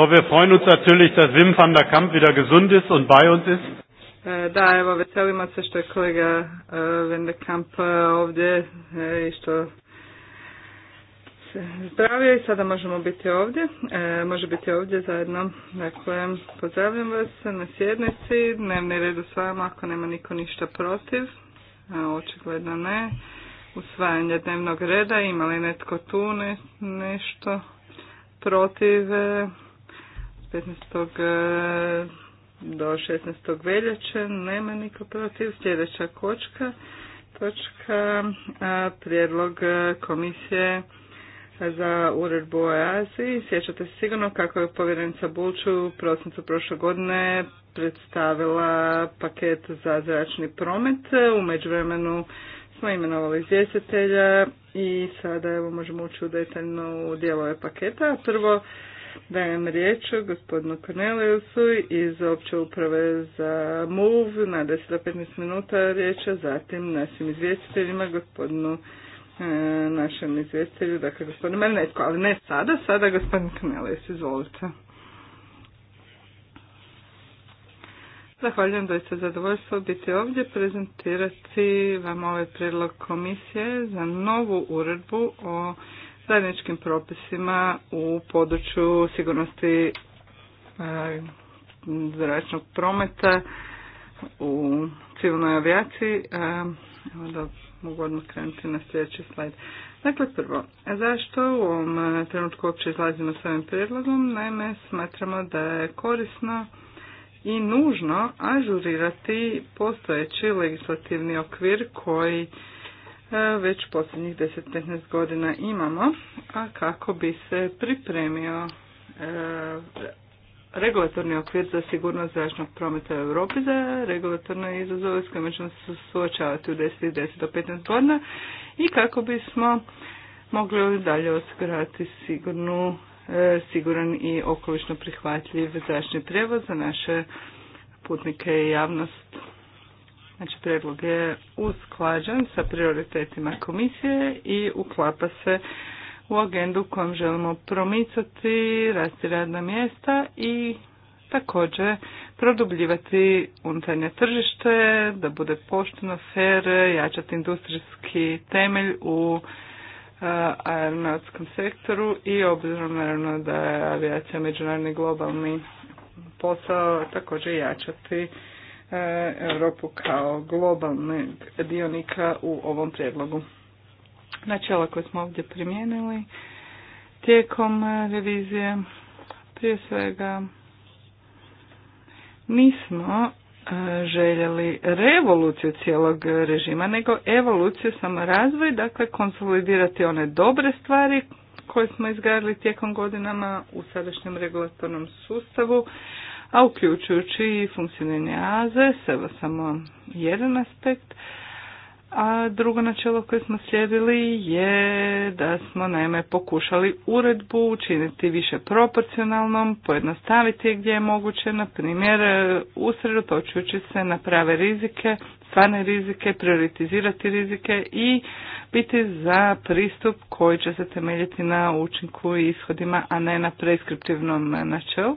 So, wir freuen uns natürlich, dass Wim van der Kamp wieder gesund ist und bei uns ist. E, da, evo, veselimo se što je kolega e, Van der Kamp e, ovdje i što se zdravio i sada možemo biti ovdje. može biti ovdje zajedno. Dakle, pozdravljam vas na sjednici. Dnevni red s vama ako nema niko ništa protiv. Uh, očigledno ne. Usvajanje dnevnog reda. Ima li netko tu ne, nešto protiv? 15. do 16. veljače. Nema niko protiv. Sljedeća kočka, točka prijedlog komisije za uredbu o Aziji. Sjećate se sigurno kako je povjerenica Bulču u prosincu prošle godine predstavila paket za zračni promet. U međuvremenu smo imenovali izvjestitelja i sada evo možemo ući u detaljno u dijelove paketa. Prvo, Dajem riječ gospodinu Corneliusu iz opće uprave za MOV na 10 15 minuta riječ, a zatim našim izvjestiteljima, gospodinu e, našem izvjestitelju, dakle gospodinu Melnetko, ali ne sada, sada gospodin Cornelius, izvolite. Zahvaljujem ste zadovoljstvo biti ovdje, prezentirati vam ovaj prijedlog komisije za novu uredbu o zajedničkim propisima u području sigurnosti e, zračnog prometa u civilnoj avijaciji. E, evo da mogu odmah krenuti na sljedeći slajd. Dakle, prvo, zašto u ovom trenutku uopće izlazimo s ovim prijedlogom? Naime, smatramo da je korisno i nužno ažurirati postojeći legislativni okvir koji E, već posljednjih 10-15 godina imamo, a kako bi se pripremio e, regulatorni okvir za sigurnost zračnog prometa u Europi za regulatorne izazove s kojima ćemo se suočavati u 10, do 15 godina i kako bismo mogli dalje osigurati sigurnu, e, siguran i okolično prihvatljiv zračni prijevoz za naše putnike i javnost Znači, prijedlog je usklađen sa prioritetima komisije i uklapa se u agendu kojom želimo promicati, rasti radna mjesta i također produbljivati unutarnje tržište, da bude pošteno, fer, jačati industrijski temelj u aeronautskom sektoru i obzirom naravno da je avijacija međunarodni globalni posao također jačati E, Europu kao globalnog dionika u ovom predlogu. Načela koje smo ovdje primijenili tijekom e, revizije prije svega nismo e, željeli revoluciju cijelog režima, nego evoluciju samo razvoj, dakle konsolidirati one dobre stvari koje smo izgradili tijekom godinama u sadašnjem regulatornom sustavu, a uključujući i funkcioniranje AZE, evo samo jedan aspekt, a drugo načelo koje smo slijedili je da smo naime pokušali uredbu učiniti više proporcionalnom, pojednostaviti gdje je moguće, na primjer usredotočujući se na prave rizike, stvarne rizike, prioritizirati rizike i biti za pristup koji će se temeljiti na učinku i ishodima, a ne na preskriptivnom načelu.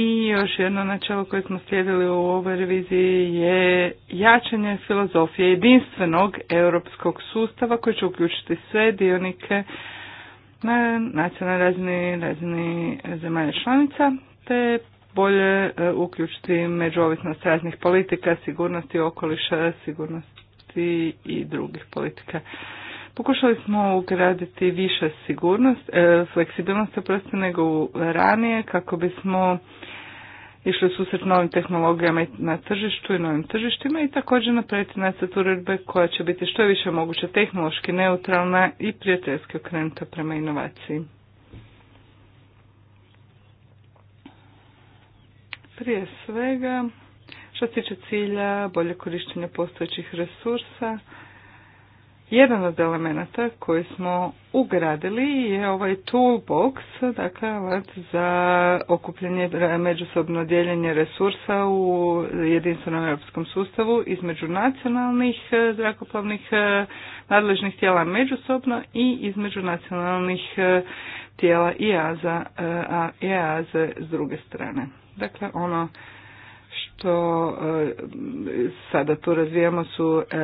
I još jedno načelo koje smo slijedili u ovoj reviziji je jačanje filozofije jedinstvenog europskog sustava koji će uključiti sve dionike na nacionalnoj razini, razini zemalja članica, te bolje e, uključiti međuovisnost raznih politika, sigurnosti okoliša, sigurnosti i drugih politika. Pokušali smo ugraditi više sigurnost, e, fleksibilnost oprosti nego ranije kako bismo išli susret novim tehnologijama na tržištu i novim tržištima i također napraviti nacrt uredbe koja će biti što je više moguće tehnološki neutralna i prijateljski okrenuta prema inovaciji. Prije svega, što se tiče cilja, bolje korištenje postojećih resursa, jedan od elemenata koji smo ugradili je ovaj toolbox, dakle alat za okupljanje međusobno dijeljenje resursa u jedinstvenom europskom sustavu između nacionalnih e, zrakoplovnih e, nadležnih tijela međusobno i između nacionalnih e, tijela EASA, a s druge strane. Dakle, ono što e, sada tu razvijamo su e,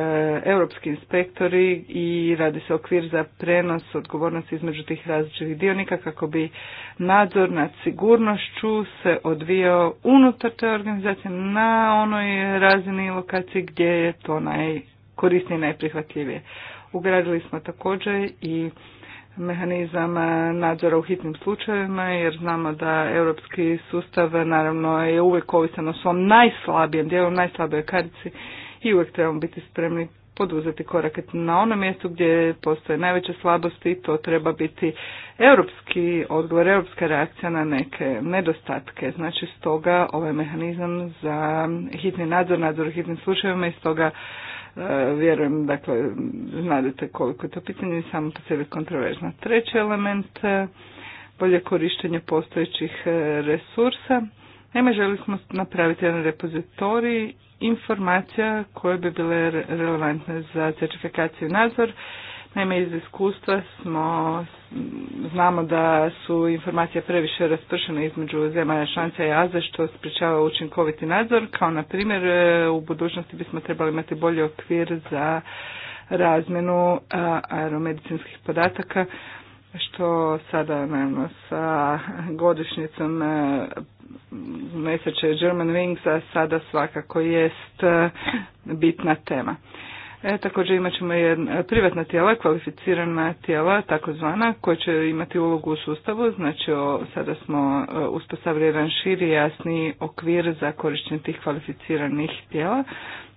europski inspektori i radi se okvir za prenos odgovornosti između tih različitih dionika kako bi nadzor nad sigurnošću se odvijao unutar te organizacije na onoj razini i lokaciji gdje je to najkorisnije i najprihvatljivije. Ugradili smo također i mehanizam e, nadzora u hitnim slučajevima jer znamo da europski sustav e, naravno je uvijek ovisan o svom najslabijem dijelu, najslabijoj karici i uvijek trebamo biti spremni poduzeti korake na onom mjestu gdje postoje najveće slabosti i to treba biti europski odgovor, europska reakcija na neke nedostatke. Znači stoga ovaj mehanizam za hitni nadzor, nadzor u hitnim slučajevima i stoga E, vjerujem, dakle, znate koliko je to pitanje i samo po sebi kontroverzno. Treći element, e, bolje korištenje postojećih e, resursa. Naime, želi smo napraviti jedan repozitorij informacija koje bi bile relevantne za certifikaciju nadzor Naime, iz iskustva smo, znamo da su informacije previše raspršene između zemalja članica i AZE što spričava učinkoviti nadzor, kao na primjer e, u budućnosti bismo trebali imati bolji okvir za razmjenu e, aeromedicinskih podataka što sada naravno sa godišnjicom e, nesreće German Wings, sada svakako jest bitna tema. E, također imat ćemo e, privatna tijela, kvalificirana tijela, takozvana, koja će imati ulogu u sustavu. Znači, sada smo e, uspostavili jedan širi, jasni okvir za korištenje tih kvalificiranih tijela.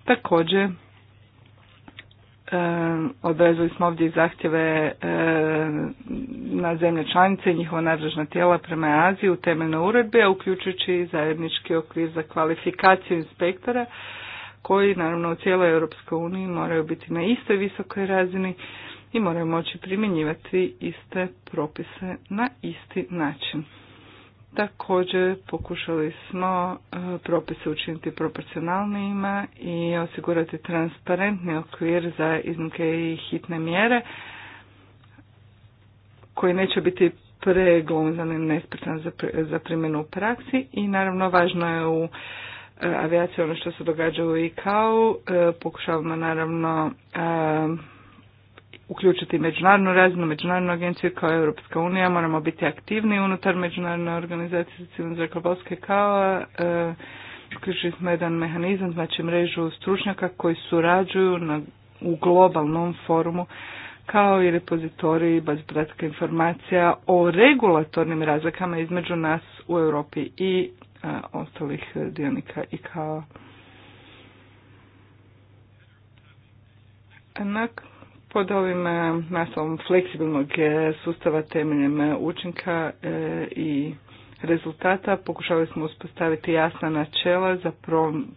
Također, e, odrezali smo ovdje i zahtjeve na zemlje članice i njihova nadležna tijela prema Aziji u temeljnoj uredbi, a uključujući zajednički okvir za kvalifikaciju inspektora koji naravno u cijeloj Europskoj uniji moraju biti na istoj visokoj razini i moraju moći primjenjivati iste propise na isti način. Također pokušali smo e, propise učiniti proporcionalnijima i osigurati transparentni okvir za iznimke i hitne mjere koji neće biti preglomzan i nespretan za primjenu u praksi i naravno važno je u avijacije, ono što se događa u ICAO, e, pokušavamo naravno e, uključiti međunarodnu razinu, međunarodnu agenciju kao Europska unija, moramo biti aktivni unutar međunarodne organizacije civilne zrakoplovske kao e, uključili smo jedan mehanizam, znači mrežu stručnjaka koji surađuju na, u globalnom forumu kao i repozitorij baz podataka informacija o regulatornim razlikama između nas u Europi i ostalih e, dionika i kao enak pod ovim e, naslovom fleksibilnog sustava temeljem e, učinka i rezultata pokušali smo uspostaviti jasna načela za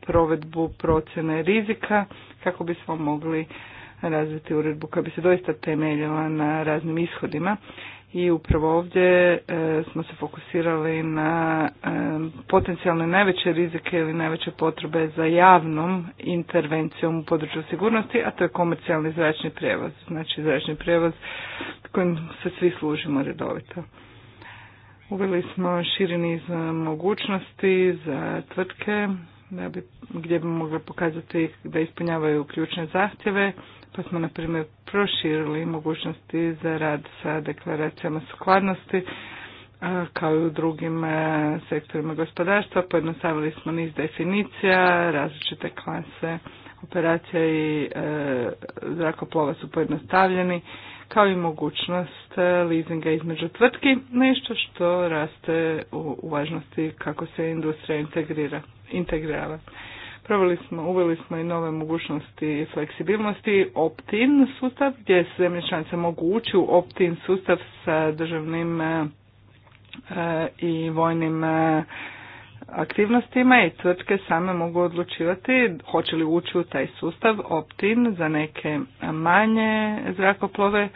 provedbu procjene rizika kako bismo mogli razviti uredbu koja bi se doista temeljila na raznim ishodima i upravo ovdje e, smo se fokusirali na e, potencijalne najveće rizike ili najveće potrebe za javnom intervencijom u području sigurnosti, a to je komercijalni zračni prijevoz, znači zračni prijevoz kojim se svi služimo redovito. Uveli smo širi niz mogućnosti za tvrtke da bi, gdje bi mogli pokazati da ispunjavaju ključne zahtjeve pa smo na primjer proširili mogućnosti za rad sa deklaracijama skladnosti kao i u drugim e, sektorima gospodarstva. Pojednostavili smo niz definicija, različite klase operacija i e, zrakoplova su pojednostavljeni, kao i mogućnost e, leasinga između tvrtki, nešto što raste u važnosti kako se industrija integrira, integrala. Proveli smo, uveli smo i nove mogućnosti fleksibilnosti, opt sustav gdje se zemlje članice mogu ući u opt sustav sa državnim e, e, i vojnim e, aktivnostima i tvrtke same mogu odlučivati hoće li ući u taj sustav opt za neke manje zrakoplove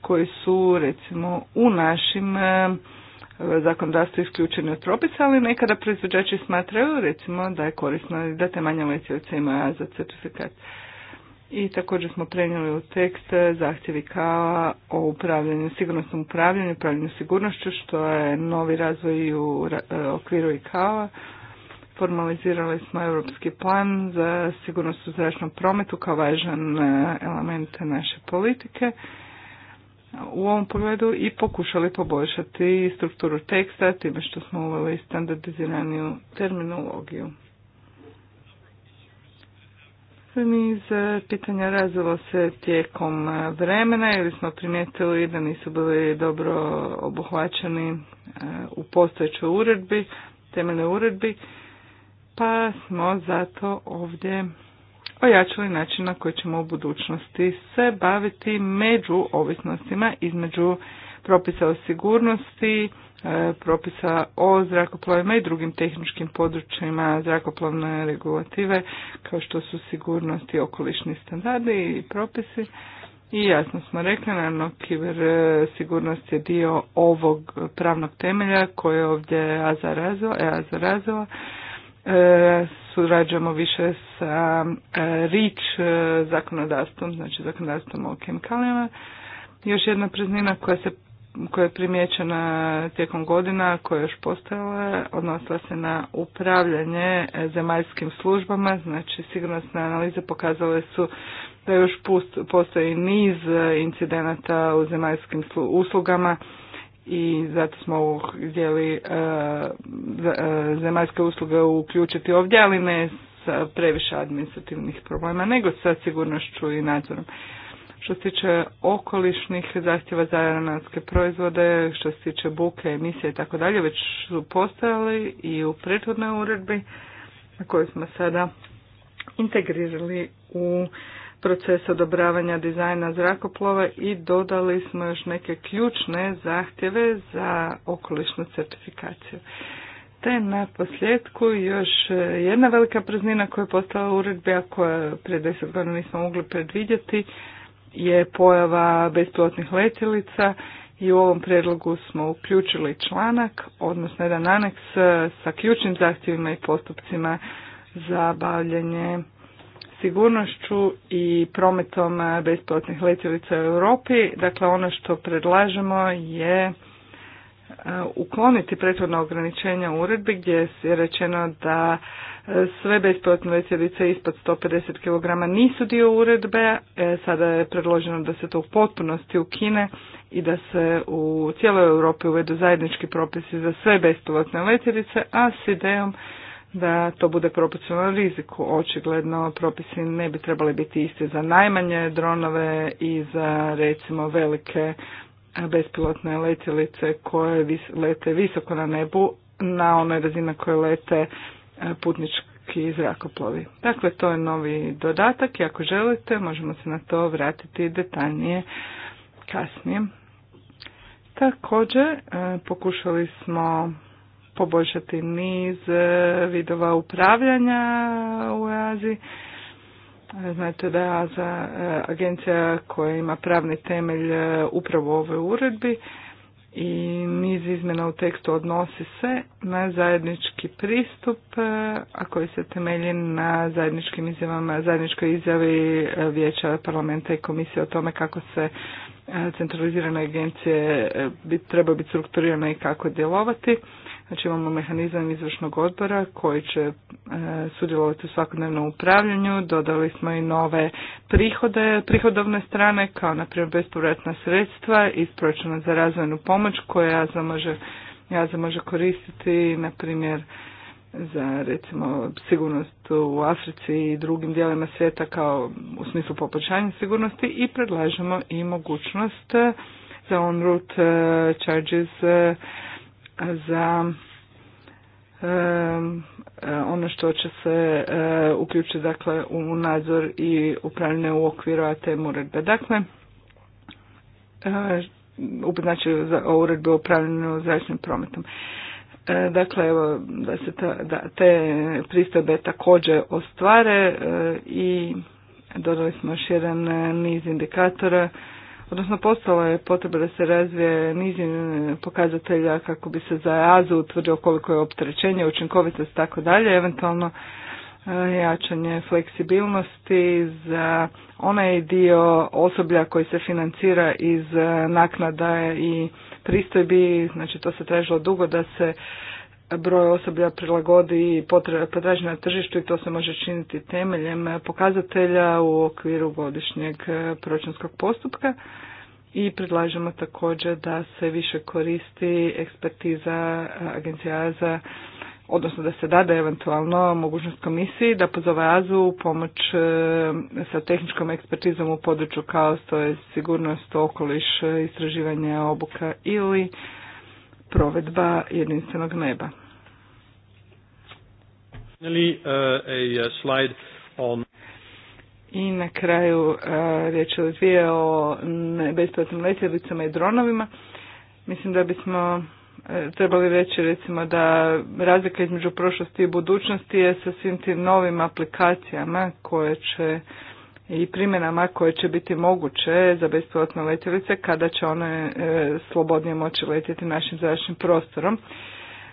koji su recimo u našim zakonodavstvo isključeni od propisa, ali nekada proizvođači smatraju recimo da je korisno da te manje letjelice imaju za certifikat. I također smo prenijeli u tekst zahtjevi kao o upravljanju, sigurnosnom upravljanju, upravljanju sigurnošću, što je novi razvoj u e, okviru i kao. Formalizirali smo europski plan za sigurnost u zračnom prometu kao važan e, element naše politike u ovom pogledu i pokušali poboljšati strukturu teksta time što smo uveli standardiziraniju terminologiju. Niz e, pitanja razvilo se tijekom e, vremena ili smo primijetili da nisu bili dobro obuhvaćeni e, u postojećoj uredbi, temeljnoj uredbi, pa smo zato ovdje ojačali način na koji ćemo u budućnosti se baviti među ovisnostima između propisa o sigurnosti, e, propisa o zrakoplovima i drugim tehničkim područjima zrakoplovne regulative kao što su sigurnosti, okolišni standardi i propisi. I jasno smo rekli, naravno, kiber e, sigurnost je dio ovog pravnog temelja koje je ovdje Aza razvila, e, E, surađujemo više sa e, rič e, zakonodavstvom, znači zakonodavstvom o kemikalijama. Još jedna preznina koja se koja je primjećena tijekom godina, koja je još postojala, odnosila se na upravljanje zemaljskim službama, znači sigurnosne analize pokazale su da još postoji niz incidenata u zemaljskim uslugama, i zato smo htjeli e, e, zemaljske usluge uključiti ovdje, ali ne sa previše administrativnih problema, nego sa sigurnošću i nadzorom. Što se tiče okolišnih zahtjeva za aeronautske proizvode, što se tiče buke, emisije i tako dalje, već su postojali i u prethodnoj uredbi na koju smo sada integrirali u proces odobravanja dizajna zrakoplova i dodali smo još neke ključne zahtjeve za okolišnu certifikaciju. Te na posljedku još jedna velika praznina koja je postala uredbi, a koja pred deset godina nismo mogli predvidjeti, je pojava bespilotnih letjelica i u ovom predlogu smo uključili članak, odnosno jedan aneks sa ključnim zahtjevima i postupcima za bavljanje sigurnošću i prometom besplatnih letjelica u Europi. Dakle, ono što predlažemo je e, ukloniti prethodno ograničenja u uredbi gdje je rečeno da e, sve besplatne letjelice ispod 150 kg nisu dio uredbe. E, sada je predloženo da se to u potpunosti ukine i da se u cijeloj Europi uvedu zajednički propisi za sve besplatne letjelice, a s idejom da to bude proporcionalno riziku. Očigledno propisi ne bi trebali biti isti za najmanje dronove i za recimo velike e, bespilotne letjelice koje lete visoko na nebu na onoj razini koje lete e, putnički zrakoplovi. Dakle, to je novi dodatak i ako želite možemo se na to vratiti detaljnije kasnije. Također, e, pokušali smo poboljšati niz e, vidova upravljanja u EAZI. E, Znate da je e, agencija koja ima pravni temelj upravo u ovoj uredbi i niz izmjena u tekstu odnosi se na zajednički pristup, a koji se temelji na zajedničkim izjavama, zajedničkoj izjavi Vijeća parlamenta i komisije o tome kako se centralizirane agencije e, bit, treba biti strukturirane i kako djelovati. Znači imamo mehanizam izvršnog odbora koji će e, sudjelovati u svakodnevnom upravljanju. Dodali smo i nove prihode, prihodovne strane kao na primjer bespovratna sredstva iz za razvojnu pomoć koja ja može, ja može koristiti na primjer za recimo sigurnost u Africi i drugim dijelima svijeta kao u smislu poboljšanja sigurnosti i predlažemo i mogućnost eh, za on route eh, charges eh, za ono što će se uključiti dakle u nadzor i upravljanje u okviru ATM uredbe. Dakle, znači za uredbe o upravljanju zračnim prometom. E, dakle, evo, da se ta, da, te pristojbe također ostvare e, i dodali smo još jedan e, niz indikatora, odnosno postala je potreba da se razvije niz pokazatelja kako bi se za azu utvrdio koliko je opterećenje, učinkovitost i tako dalje, eventualno jačanje fleksibilnosti za onaj dio osoblja koji se financira iz naknada i pristojbi, znači to se tražilo dugo da se broj osoblja prilagodi i potraži na tržištu i to se može činiti temeljem pokazatelja u okviru godišnjeg e, proračunskog postupka i predlažemo također da se više koristi ekspertiza e, agencija za odnosno da se dade eventualno mogućnost komisiji da pozove Azu u pomoć e, sa tehničkom ekspertizom u području kao što je sigurnost, okoliš, e, istraživanje obuka ili provedba jedinstvenog neba. E, I na kraju riječ je o dvije o besplatnim letjelicama i dronovima. Mislim da bismo trebali reći recimo da razlika između prošlosti i budućnosti je sa svim tim novim aplikacijama koje će i primjenama koje će biti moguće za besplatne letjelice kada će one e, slobodnije moći letjeti našim zračnim prostorom.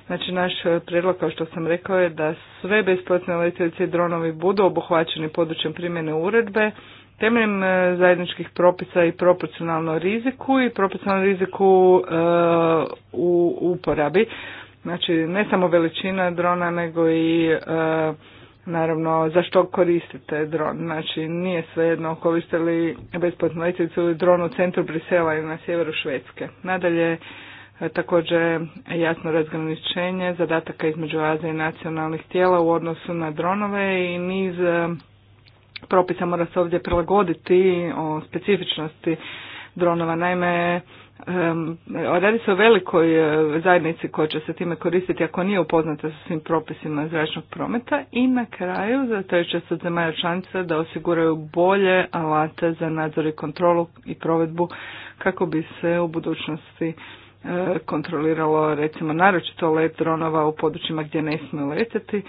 Znači naš prijedlog kao što sam rekao je da sve besplatne letjelice i dronovi budu obuhvaćeni područjem primjene uredbe temeljem e, zajedničkih propisa i proporcionalno riziku i proporcionalno riziku e, u uporabi. Znači ne samo veličina drona nego i e, naravno za što koristite dron. Znači nije svejedno koriste li besplatnu letjelicu ili dron u centru Brisela ili na sjeveru Švedske. Nadalje također jasno razgraničenje zadataka između Azije i nacionalnih tijela u odnosu na dronove i niz propisa mora se ovdje prilagoditi o specifičnosti dronova. Naime, radi se o velikoj e, zajednici koja će se time koristiti ako nije upoznata sa svim propisima zračnog prometa i na kraju će se od zemalja članica da osiguraju bolje alate za nadzor i kontrolu i provedbu kako bi se u budućnosti e, kontroliralo recimo naročito let dronova u područjima gdje ne smiju letjeti,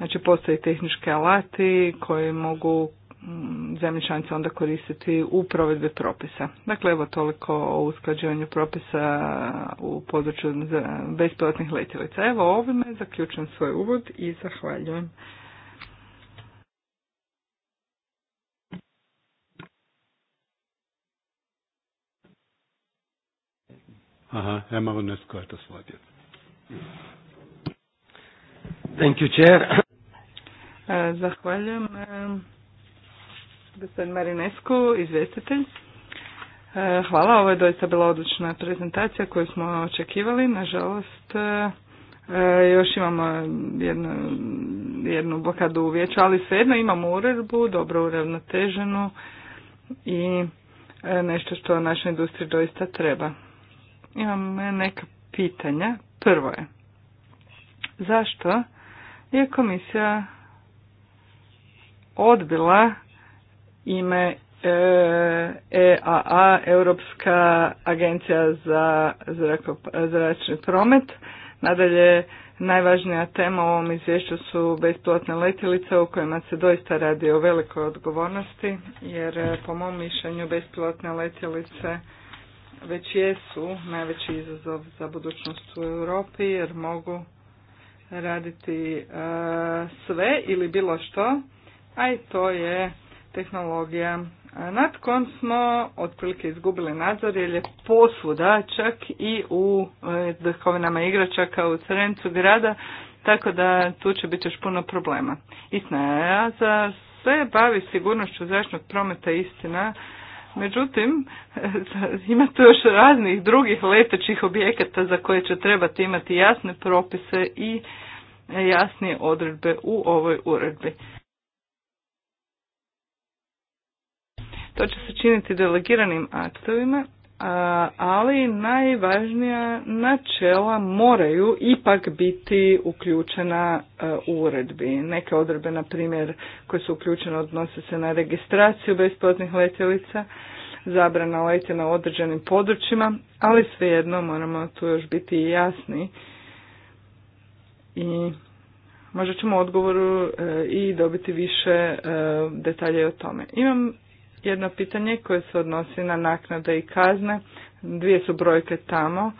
Znači postoje tehnički alati koji mogu mm, zemlje onda koristiti u provedbi propisa. Dakle, evo toliko o usklađivanju propisa u području besplatnih letjelica. Evo ovime zaključujem svoj uvod i zahvaljujem. Aha, Thank you, Chair. E, zahvaljujem. E, gospodin Marinescu, izvjestitelj. E, hvala, ovo je doista bila odlična prezentacija koju smo očekivali. Nažalost, još imamo jednu, jednu blokadu u vijeću, ali svejedno imamo uredbu, dobro uravnoteženu i nešto što našoj industriji doista treba. Imam neka pitanja. Prvo je, zašto je komisija odbila ime EAA, e Europska agencija za zračni promet. Nadalje, najvažnija tema u ovom izvješću su besplatne letjelice u kojima se doista radi o velikoj odgovornosti, jer e, po mom mišljenju besplatne letjelice već jesu najveći izazov za budućnost u Europi, jer mogu raditi e, sve ili bilo što a i to je tehnologija nad smo otprilike izgubili nadzor jer je posvuda čak i u vrhovinama e, igračaka u Crvencu grada, tako da tu će biti još puno problema. Istina je, za sve bavi sigurnošću zračnog prometa istina, međutim ima tu još raznih drugih letećih objekata za koje će trebati imati jasne propise i jasnije odredbe u ovoj uredbi. To će se činiti delegiranim aktovima, ali najvažnija načela moraju ipak biti uključena e, u uredbi. Neke odredbe, na primjer, koje su uključene odnose se na registraciju besplatnih letjelica, zabrana letje na određenim područjima, ali svejedno moramo tu još biti jasni i možda ćemo u odgovoru e, i dobiti više e, detalje o tome. Imam jedno pitanje koje se odnosi na naknade i kazne. Dvije su brojke tamo.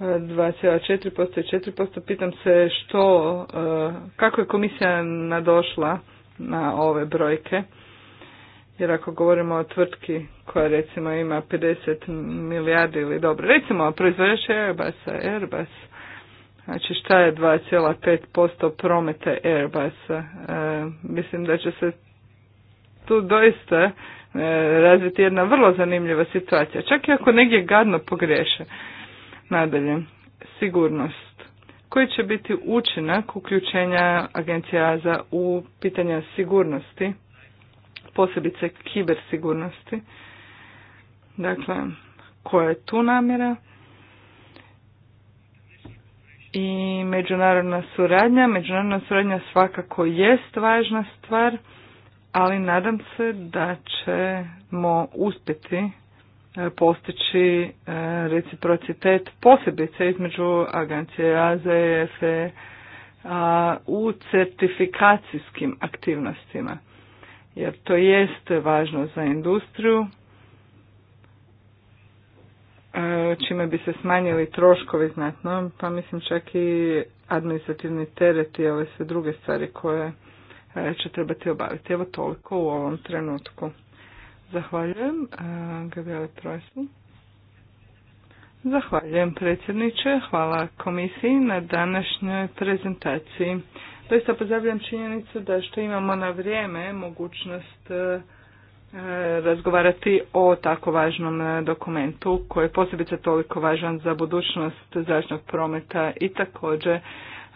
2,4% i 4%. Pitam se što, e, kako je komisija nadošla na ove brojke. Jer ako govorimo o tvrtki koja recimo ima 50 milijardi ili dobro, recimo proizvođač Airbusa, Airbus, znači šta je 2,5% prometa Airbusa, e, mislim da će se tu doista E, razviti jedna vrlo zanimljiva situacija, čak i ako negdje gadno pogreše. Nadalje, sigurnost. Koji će biti učinak uključenja agencija za u pitanja sigurnosti, posebice kibersigurnosti? Dakle, koja je tu namjera? I međunarodna suradnja. Međunarodna suradnja svakako jest važna stvar ali nadam se da ćemo uspjeti e, postići e, reciprocitet posebice između agencije AZE i u certifikacijskim aktivnostima. Jer to jeste važno za industriju, e, čime bi se smanjili troškovi znatno, pa mislim čak i administrativni teret i ove sve druge stvari koje E, će trebati obaviti. Evo toliko u ovom trenutku. Zahvaljujem e, Gabriele Zahvaljujem predsjedniče, hvala komisiji na današnjoj prezentaciji. Doista pozdravljam činjenicu da što imamo na vrijeme mogućnost e, razgovarati o tako važnom dokumentu koji je posebice toliko važan za budućnost zračnog prometa i također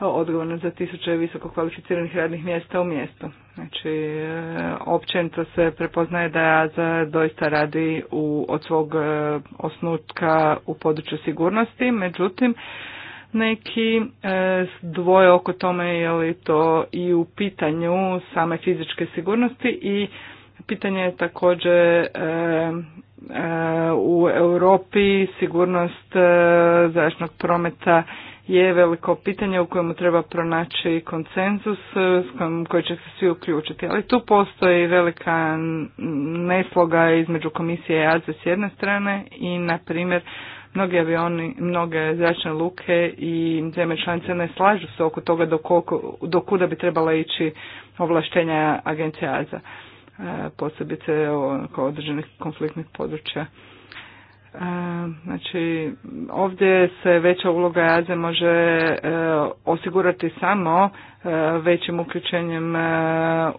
odgovorna za tisuće visoko kvalificiranih radnih mjesta u mjestu. Znači, e, općenito se prepoznaje da AZA doista radi u, od svog e, osnutka u području sigurnosti, međutim, neki e, dvoje oko tome je li to i u pitanju same fizičke sigurnosti i pitanje je također u Europi sigurnost e, zračnog prometa je veliko pitanje u kojemu treba pronaći konsenzus e, s kojim, koji će se svi uključiti. Ali tu postoji velika nesloga između komisije i s jedne strane i na primjer mnogi avioni, mnoge zračne luke i zemlje članice ne slažu se oko toga do, koliko, do kuda bi trebala ići ovlaštenja agencije AZA e, posebice oko određenih konfliktnih područja. E, znači, ovdje se veća uloga jaze može e, osigurati samo e, većim uključenjem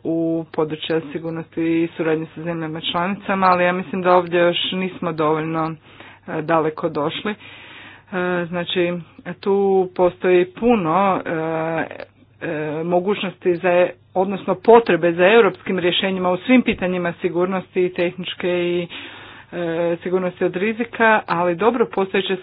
u područja sigurnosti i suradnje sa zemljama članicama, ali ja mislim da ovdje još nismo dovoljno daleko došli. Znači, tu postoji puno mogućnosti za odnosno potrebe za europskim rješenjima u svim pitanjima sigurnosti i tehničke i E, sigurnosti od rizika, ali dobro postojeće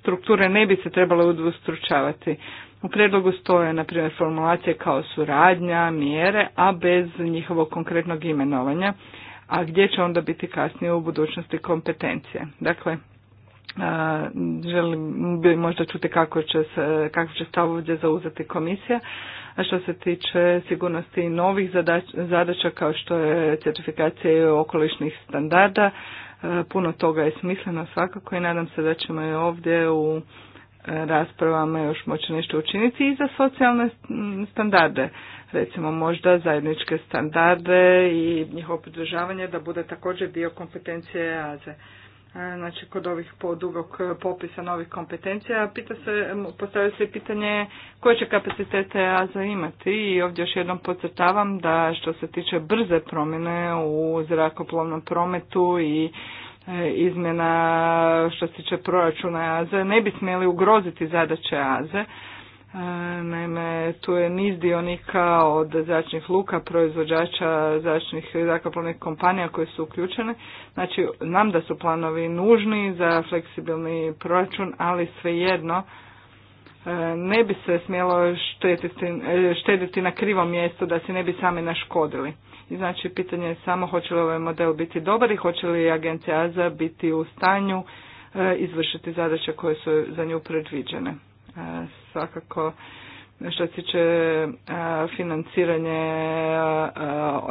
strukture ne bi se trebale udvostručavati. U predlogu stoje, na primjer, formulacije kao suradnja, mjere, a bez njihovog konkretnog imenovanja, a gdje će onda biti kasnije u budućnosti kompetencije. Dakle, želim bi možda čuti kako će, se, kako će stav ovdje zauzeti komisija. A što se tiče sigurnosti novih zadaća kao što je certifikacija okolišnih standarda, puno toga je smisleno svakako i nadam se da ćemo i ovdje u e, raspravama još moći nešto učiniti i za socijalne standarde. Recimo možda zajedničke standarde i njihovo podržavanje da bude također dio kompetencije EAZE. E, znači kod ovih podugog e, popisa novih kompetencija, pita se, postavlja se pitanje koje će kapacitete AZA imati i ovdje još jednom podcrtavam da što se tiče brze promjene u zrakoplovnom prometu i e, izmjena što se tiče proračuna AZE ne bi smjeli ugroziti zadaće AZE Naime, tu je niz dionika od zračnih luka, proizvođača zračnih zrakoplovnih kompanija koje su uključene. Znači, nam da su planovi nužni za fleksibilni proračun, ali svejedno e, ne bi se smjelo e, štediti na krivo mjesto da se ne bi sami naškodili. I znači, pitanje je samo hoće li ovaj model biti dobar i hoće li agencija AZA biti u stanju e, izvršiti zadaće koje su za nju predviđene svakako što se tiče financiranje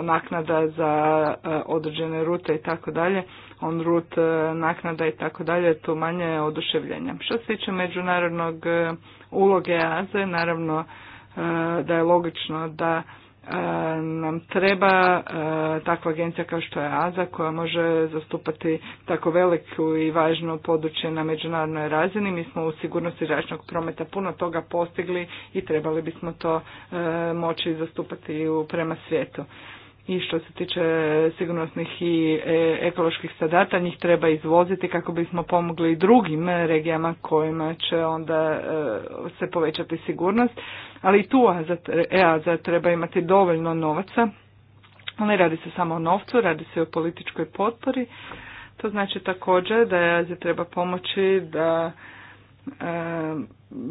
naknada za određene rute i tako dalje, on rut naknada i tako dalje, tu manje oduševljenja. Što se tiče međunarodnog uloge AZE, naravno da je logično da nam treba e, takva agencija kao što je AZA koja može zastupati tako veliku i važno područje na međunarodnoj razini. Mi smo u sigurnosti zračnog prometa puno toga postigli i trebali bismo to e, moći zastupati prema svijetu i što se tiče sigurnosnih i e, ekoloških sadata, njih treba izvoziti kako bismo pomogli drugim regijama kojima će onda e, se povećati sigurnost. Ali i tu EAZA e treba imati dovoljno novaca, ne radi se samo o novcu, radi se o političkoj potpori. To znači također da EAZA treba pomoći da E,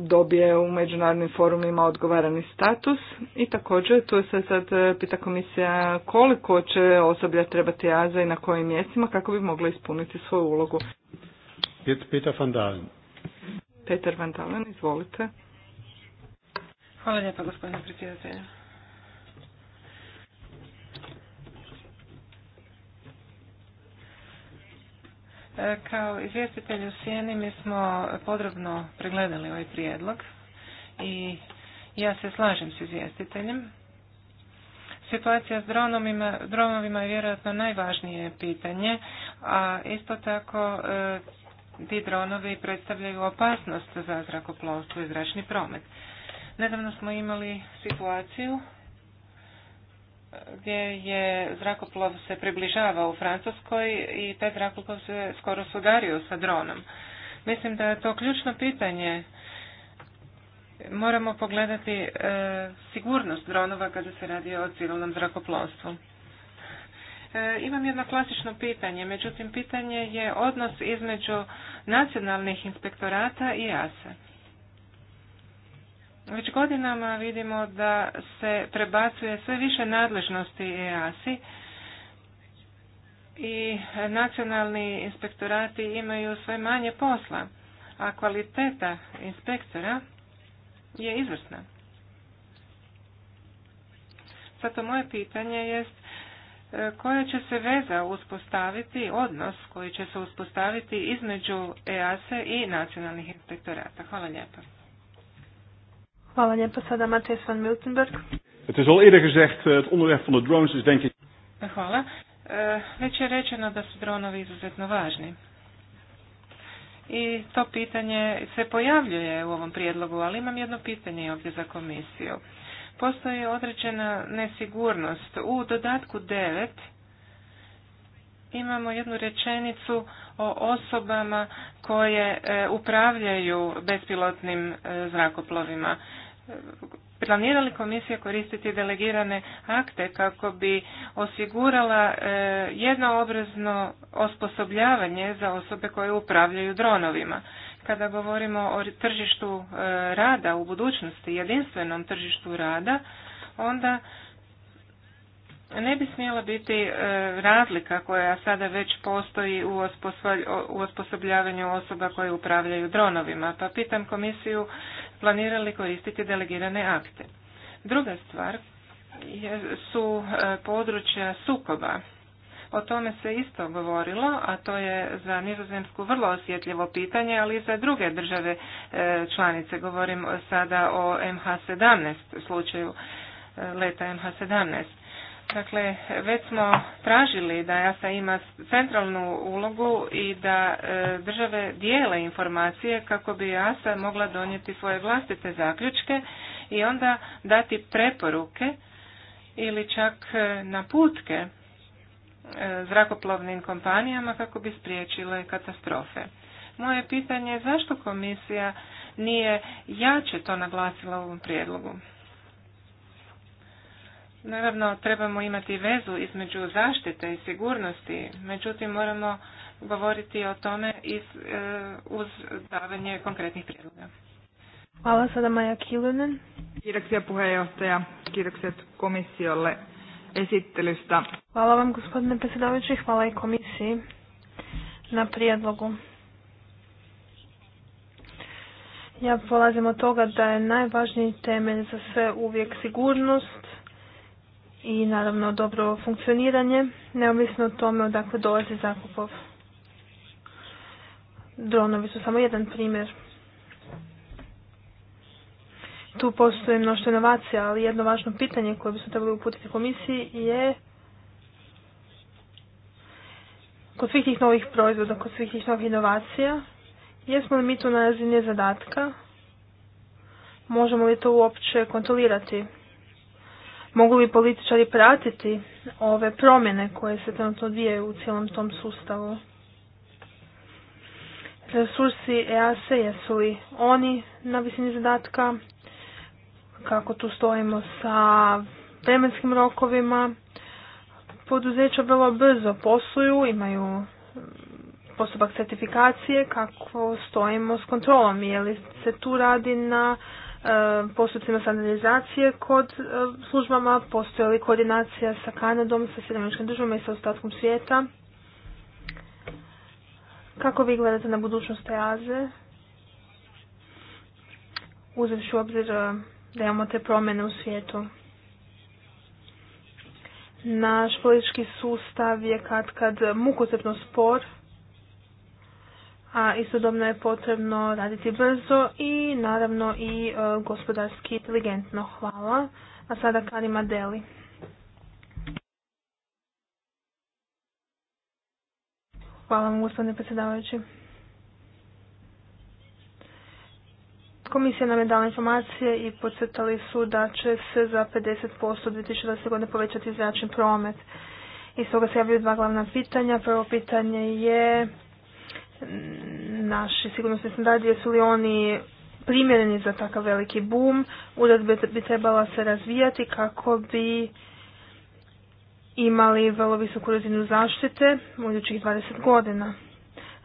dobije u međunarodnim forumima odgovarani status i također tu se sad e, pita komisija koliko će osoblja trebati Aza i na kojim mjestima kako bi mogla ispuniti svoju ulogu. Peter van Dalen. Peter van Dalen, izvolite. Hvala lijepa gospodine predsjedatelju. E, kao izvjestitelj u Sijeni mi smo podrobno pregledali ovaj prijedlog i ja se slažem s izvjestiteljem. Situacija s dronovima, dronovima je vjerojatno najvažnije pitanje, a isto tako e, ti dronovi predstavljaju opasnost za zrakoplovstvo i zračni promet. Nedavno smo imali situaciju gdje je zrakoplov se približava u Francuskoj i taj zrakoplov se skoro sudario sa dronom. Mislim da je to ključno pitanje. Moramo pogledati e, sigurnost dronova kada se radi o civilnom zrakoplovstvu. E, imam jedno klasično pitanje, međutim pitanje je odnos između nacionalnih inspektorata i ASE. Već godinama vidimo da se prebacuje sve više nadležnosti EASI i nacionalni inspektorati imaju sve manje posla, a kvaliteta inspektora je izvrsna. Zato moje pitanje jest koja će se veza uspostaviti, odnos koji će se uspostaviti između EASE i nacionalnih inspektorata. Hvala lijepa. Hvala lijepo sada Miltenberg. Het is eerder gezegd, eh, het onderwerp van de drones is denk ik... Eh, hvala. Eh, već je rečeno da su dronovi izuzetno važni. I to pitanje se pojavljuje u ovom prijedlogu, ali imam jedno pitanje ovdje za komisiju. Postoji određena nesigurnost. U dodatku 9 imamo jednu rečenicu o osobama koje upravljaju bespilotnim zrakoplovima planira li komisija koristiti delegirane akte kako bi osigurala e, jednoobrazno osposobljavanje za osobe koje upravljaju dronovima? Kada govorimo o tržištu e, rada u budućnosti, jedinstvenom tržištu rada, onda ne bi smjela biti e, razlika koja sada već postoji u osposobljavanju osoba koje upravljaju dronovima. Pa pitam komisiju planirali koristiti delegirane akte. Druga stvar su e, područja sukoba. O tome se isto govorilo, a to je za Nizozemsku vrlo osjetljivo pitanje, ali i za druge države e, članice. Govorim sada o MH17 slučaju e, leta MH17. Dakle, već smo tražili da JASA ima centralnu ulogu i da e, države dijele informacije kako bi JASA mogla donijeti svoje vlastite zaključke i onda dati preporuke ili čak e, naputke e, zrakoplovnim kompanijama kako bi spriječile katastrofe. Moje pitanje je zašto komisija nije jače to naglasila u ovom prijedlogu? Naravno, trebamo imati vezu između zaštite i sigurnosti, međutim moramo govoriti o tome iz, e, uz davanje konkretnih prijedloga. Hvala sada Maja Kilunen. Kiitoksia puheenjohtaja, kiitokset komissiolle esittelystä. Hvala vam gospodine predsjedavajući, hvala i komisiji na prijedlogu. Ja polazim od toga da je najvažniji temelj za sve uvijek sigurnost i naravno dobro funkcioniranje, neovisno o tome odakle dolazi zakupov. Dronovi su samo jedan primjer. Tu postoje mnoštvo inovacija, ali jedno važno pitanje koje bi bismo trebali uputiti komisiji je kod svih tih novih proizvoda, kod svih tih novih inovacija, jesmo li mi tu na razini zadatka? Možemo li to uopće kontrolirati? Mogu li političari pratiti ove promjene koje se trenutno odvijaju u cijelom tom sustavu? Resursi EASE jesu li oni na visini zadatka? Kako tu stojimo sa vremenskim rokovima? Poduzeća vrlo brzo posluju, imaju postupak certifikacije, kako stojimo s kontrolom, je li se tu radi na Eh, postupcima standardizacije kod eh, službama, Postoje li koordinacija sa Kanadom, sa Sjedinjeničkim državama i sa ostatkom svijeta. Kako vi gledate na budućnost EAZE? Uzevši u obzir eh, da imamo te promjene u svijetu. Naš politički sustav je kad kad mukotrpno spor a istodobno je potrebno raditi brzo i naravno i e, gospodarski inteligentno. Hvala. A sada Karima Deli. Hvala vam gospodine predsjedavajući. Komisija nam je dala informacije i podcrtali su da će se za 50% 2020. godine povećati zračni promet. Iz toga se javljaju dva glavna pitanja. Prvo pitanje je naši sigurnosni standardi, jesu li oni primjereni za takav veliki boom. Uredbe bi trebala se razvijati kako bi imali vrlo visoku razinu zaštite u idućih 20 godina.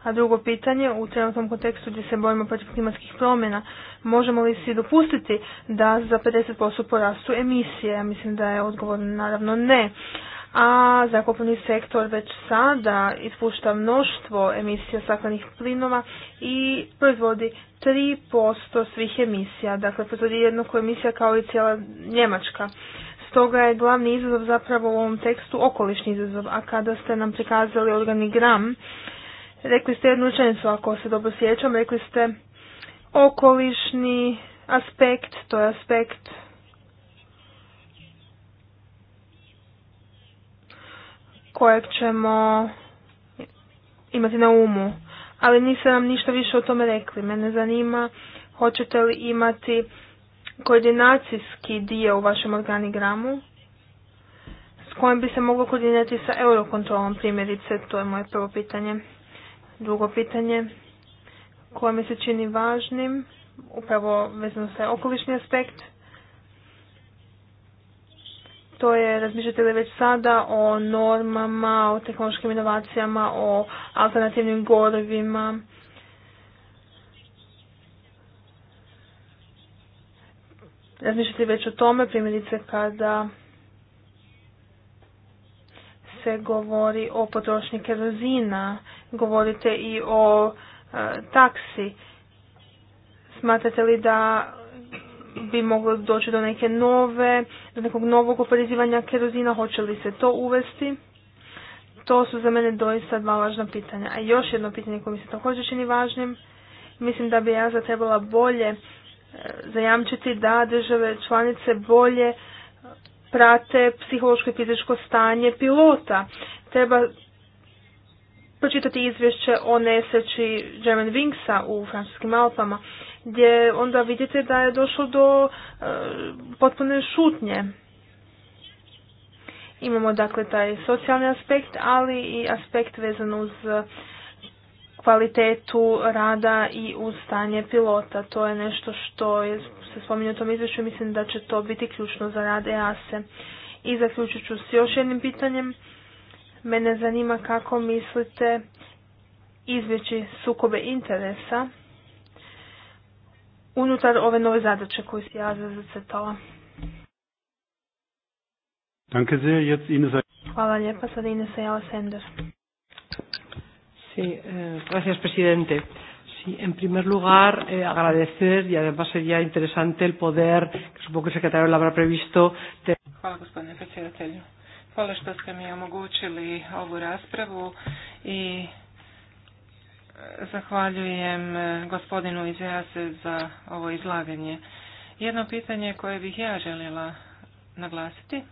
A drugo pitanje, u trenutnom kontekstu gdje se bojimo protiv klimatskih promjena, možemo li si dopustiti da za 50% porastu emisije? Ja mislim da je odgovor naravno ne a zakopljeni sektor već sada ispušta mnoštvo emisija staklenih plinova i proizvodi 3% svih emisija, dakle proizvodi jednako emisija kao i cijela Njemačka. Stoga je glavni izazov zapravo u ovom tekstu okolišni izazov, a kada ste nam prikazali organigram, rekli ste jednu učenicu, ako se dobro sjećam, rekli ste okolišni aspekt, to je aspekt kojeg ćemo imati na umu. Ali niste nam ništa više o tome rekli. Mene zanima hoćete li imati koordinacijski dio u vašem organigramu s kojim bi se moglo koordinirati sa eurokontrolom primjerice, to je moje prvo pitanje. Drugo pitanje koje mi se čini važnim, upravo vezano sa okolišni aspekt, to je razmišljate li već sada o normama, o tehnološkim inovacijama, o alternativnim gorovima? Razmišljate li već o tome, primjerice kada se govori o potrošnji kerozina, govorite i o e, taksi. Smatrate li da bi moglo doći do neke nove, do nekog novog oporezivanja kerozina, hoće li se to uvesti? To su za mene doista dva važna pitanja. A još jedno pitanje koje mi se također čini važnim, mislim da bi ja za trebala bolje e, zajamčiti da države članice bolje e, prate psihološko i fizičko stanje pilota. Treba pročitati izvješće o neseći German Wingsa u francuskim Alpama gdje onda vidite da je došlo do e, potpune šutnje. Imamo dakle taj socijalni aspekt, ali i aspekt vezan uz kvalitetu rada i uz stanje pilota. To je nešto što je, se spominje u tom izvješću i mislim da će to biti ključno za rad EASE. I zaključit ću s još jednim pitanjem. Mene zanima kako mislite izbjeći sukobe interesa unutar ove nove zadaće koje si ja zacrtala. Danke sehr, jetzt Ines. Hvala lijepa, sada Inesa Jala Sender. Sí, eh, gracias, presidente. Sí, en primer lugar, eh, agradecer y además sería interesante el poder, que supongo que el secretario lo habrá previsto. De... Hvala, gospodine predsjedatelju. Hvala što ste mi omogućili ovu raspravu i Zahvaljujem e, gospodinu Izvijase za ovo izlaganje. Jedno pitanje koje bih ja željela naglasiti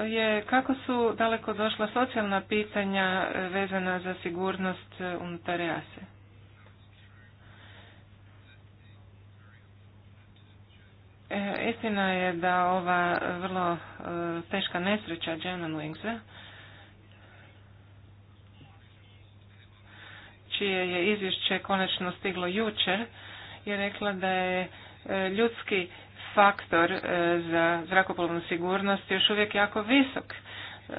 je kako su daleko došla socijalna pitanja e, vezana za sigurnost e, unutar EASE. Istina je da ova vrlo teška nesreća German Wingsa čije je izvješće konačno stiglo jučer, je rekla da je e, ljudski faktor e, za zrakoplovnu sigurnost još uvijek jako visok. E,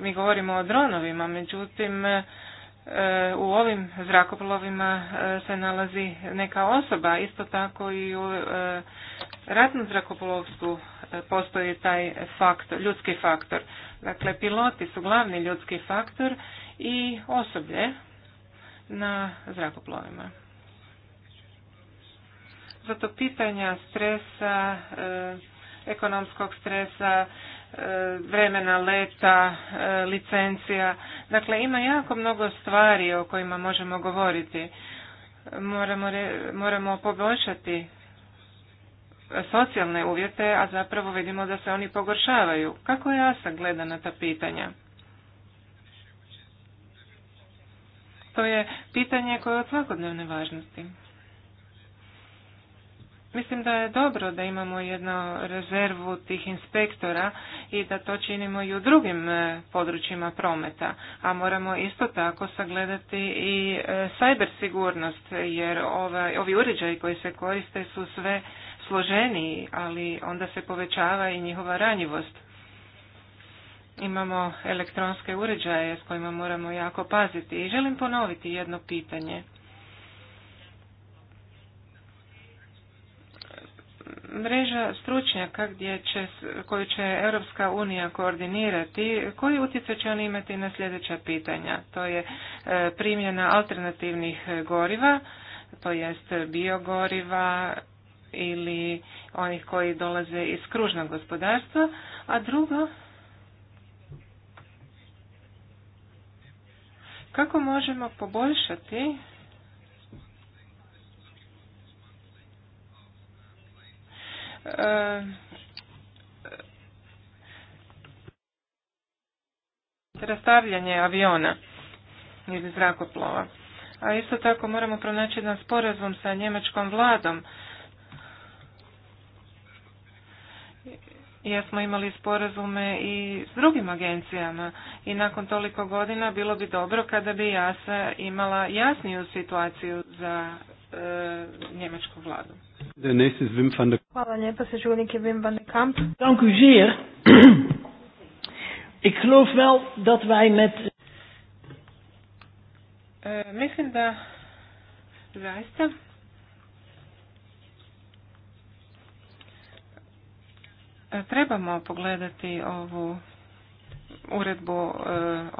mi govorimo o dronovima, međutim u ovim zrakoplovima se nalazi neka osoba, isto tako i u ratnom zrakoplovstvu postoji taj faktor, ljudski faktor. Dakle, piloti su glavni ljudski faktor i osoblje na zrakoplovima. Zato pitanja stresa, eh, ekonomskog stresa, eh, vremena leta, eh, licencija. Dakle, ima jako mnogo stvari o kojima možemo govoriti. Moramo, moramo poboljšati socijalne uvjete, a zapravo vidimo da se oni pogoršavaju. Kako ja sam gleda na ta pitanja? To je pitanje koje je od svakodnevne važnosti. Mislim da je dobro da imamo jednu rezervu tih inspektora i da to činimo i u drugim e, područjima prometa, a moramo isto tako sagledati i e, cyber sigurnost jer ovaj, ovi uređaji koji se koriste su sve složeniji, ali onda se povećava i njihova ranjivost imamo elektronske uređaje s kojima moramo jako paziti. I želim ponoviti jedno pitanje. Mreža stručnjaka gdje će, koju će Europska unija koordinirati, koji utjecaj će oni imati na sljedeća pitanja? To je e, primjena alternativnih goriva, to jest biogoriva ili onih koji dolaze iz kružnog gospodarstva, a drugo Kako možemo poboljšati e, rastavljanje aviona ili zrakoplova. A isto tako moramo pronaći jedan sporazum sa njemačkom vladom jer smo imali sporazume i s drugim agencijama i nakon toliko godina bilo bi dobro kada bi JASA imala jasniju situaciju za e, njemačku vladu. Hvala lijepa, sežurnik je Wim van Kamp. Dank u e, mislim da zaista E, trebamo pogledati ovu uredbu e,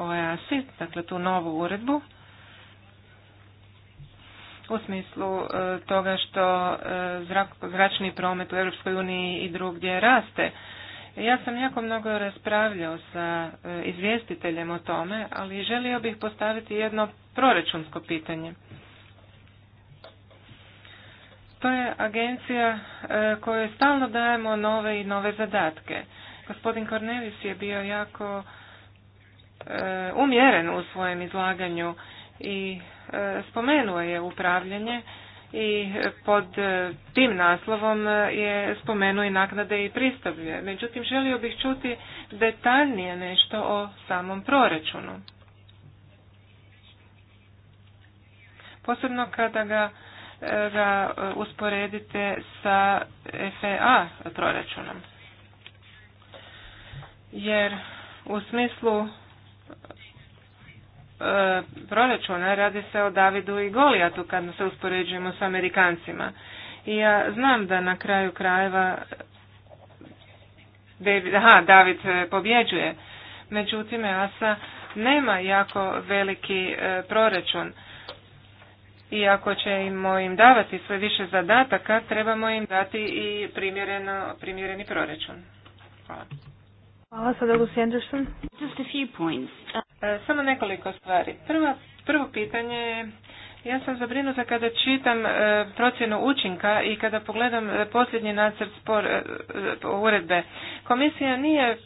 o EASI, dakle tu novu uredbu, u smislu e, toga što zračni promet u Europskoj uniji i drugdje raste. Ja sam jako mnogo raspravljao sa izvjestiteljem o tome, ali želio bih postaviti jedno proračunsko pitanje. To je agencija e, kojoj stalno dajemo nove i nove zadatke. Gospodin Kornevis je bio jako e, umjeren u svojem izlaganju i e, spomenuo je upravljanje i pod tim naslovom je spomenuo i naknade i pristavlje. Međutim, želio bih čuti detaljnije nešto o samom proračunu. Posebno kada ga ga e, usporedite sa FAA proračunom. Jer u smislu e, proračuna radi se o Davidu i Golijatu kad se uspoređujemo s Amerikancima. I ja znam da na kraju krajeva David, aha, David e, pobjeđuje. Međutim, ASA nema jako veliki proračun i ako ćemo im davati sve više zadataka, trebamo im dati i primjereni proračun. Hvala. Hvala, Lucy Anderson. Just e, Samo nekoliko stvari. prvo pitanje je ja sam zabrinuta kada čitam e, procjenu učinka i kada pogledam e, posljednji nacrt spor, e, uredbe. Komisija nije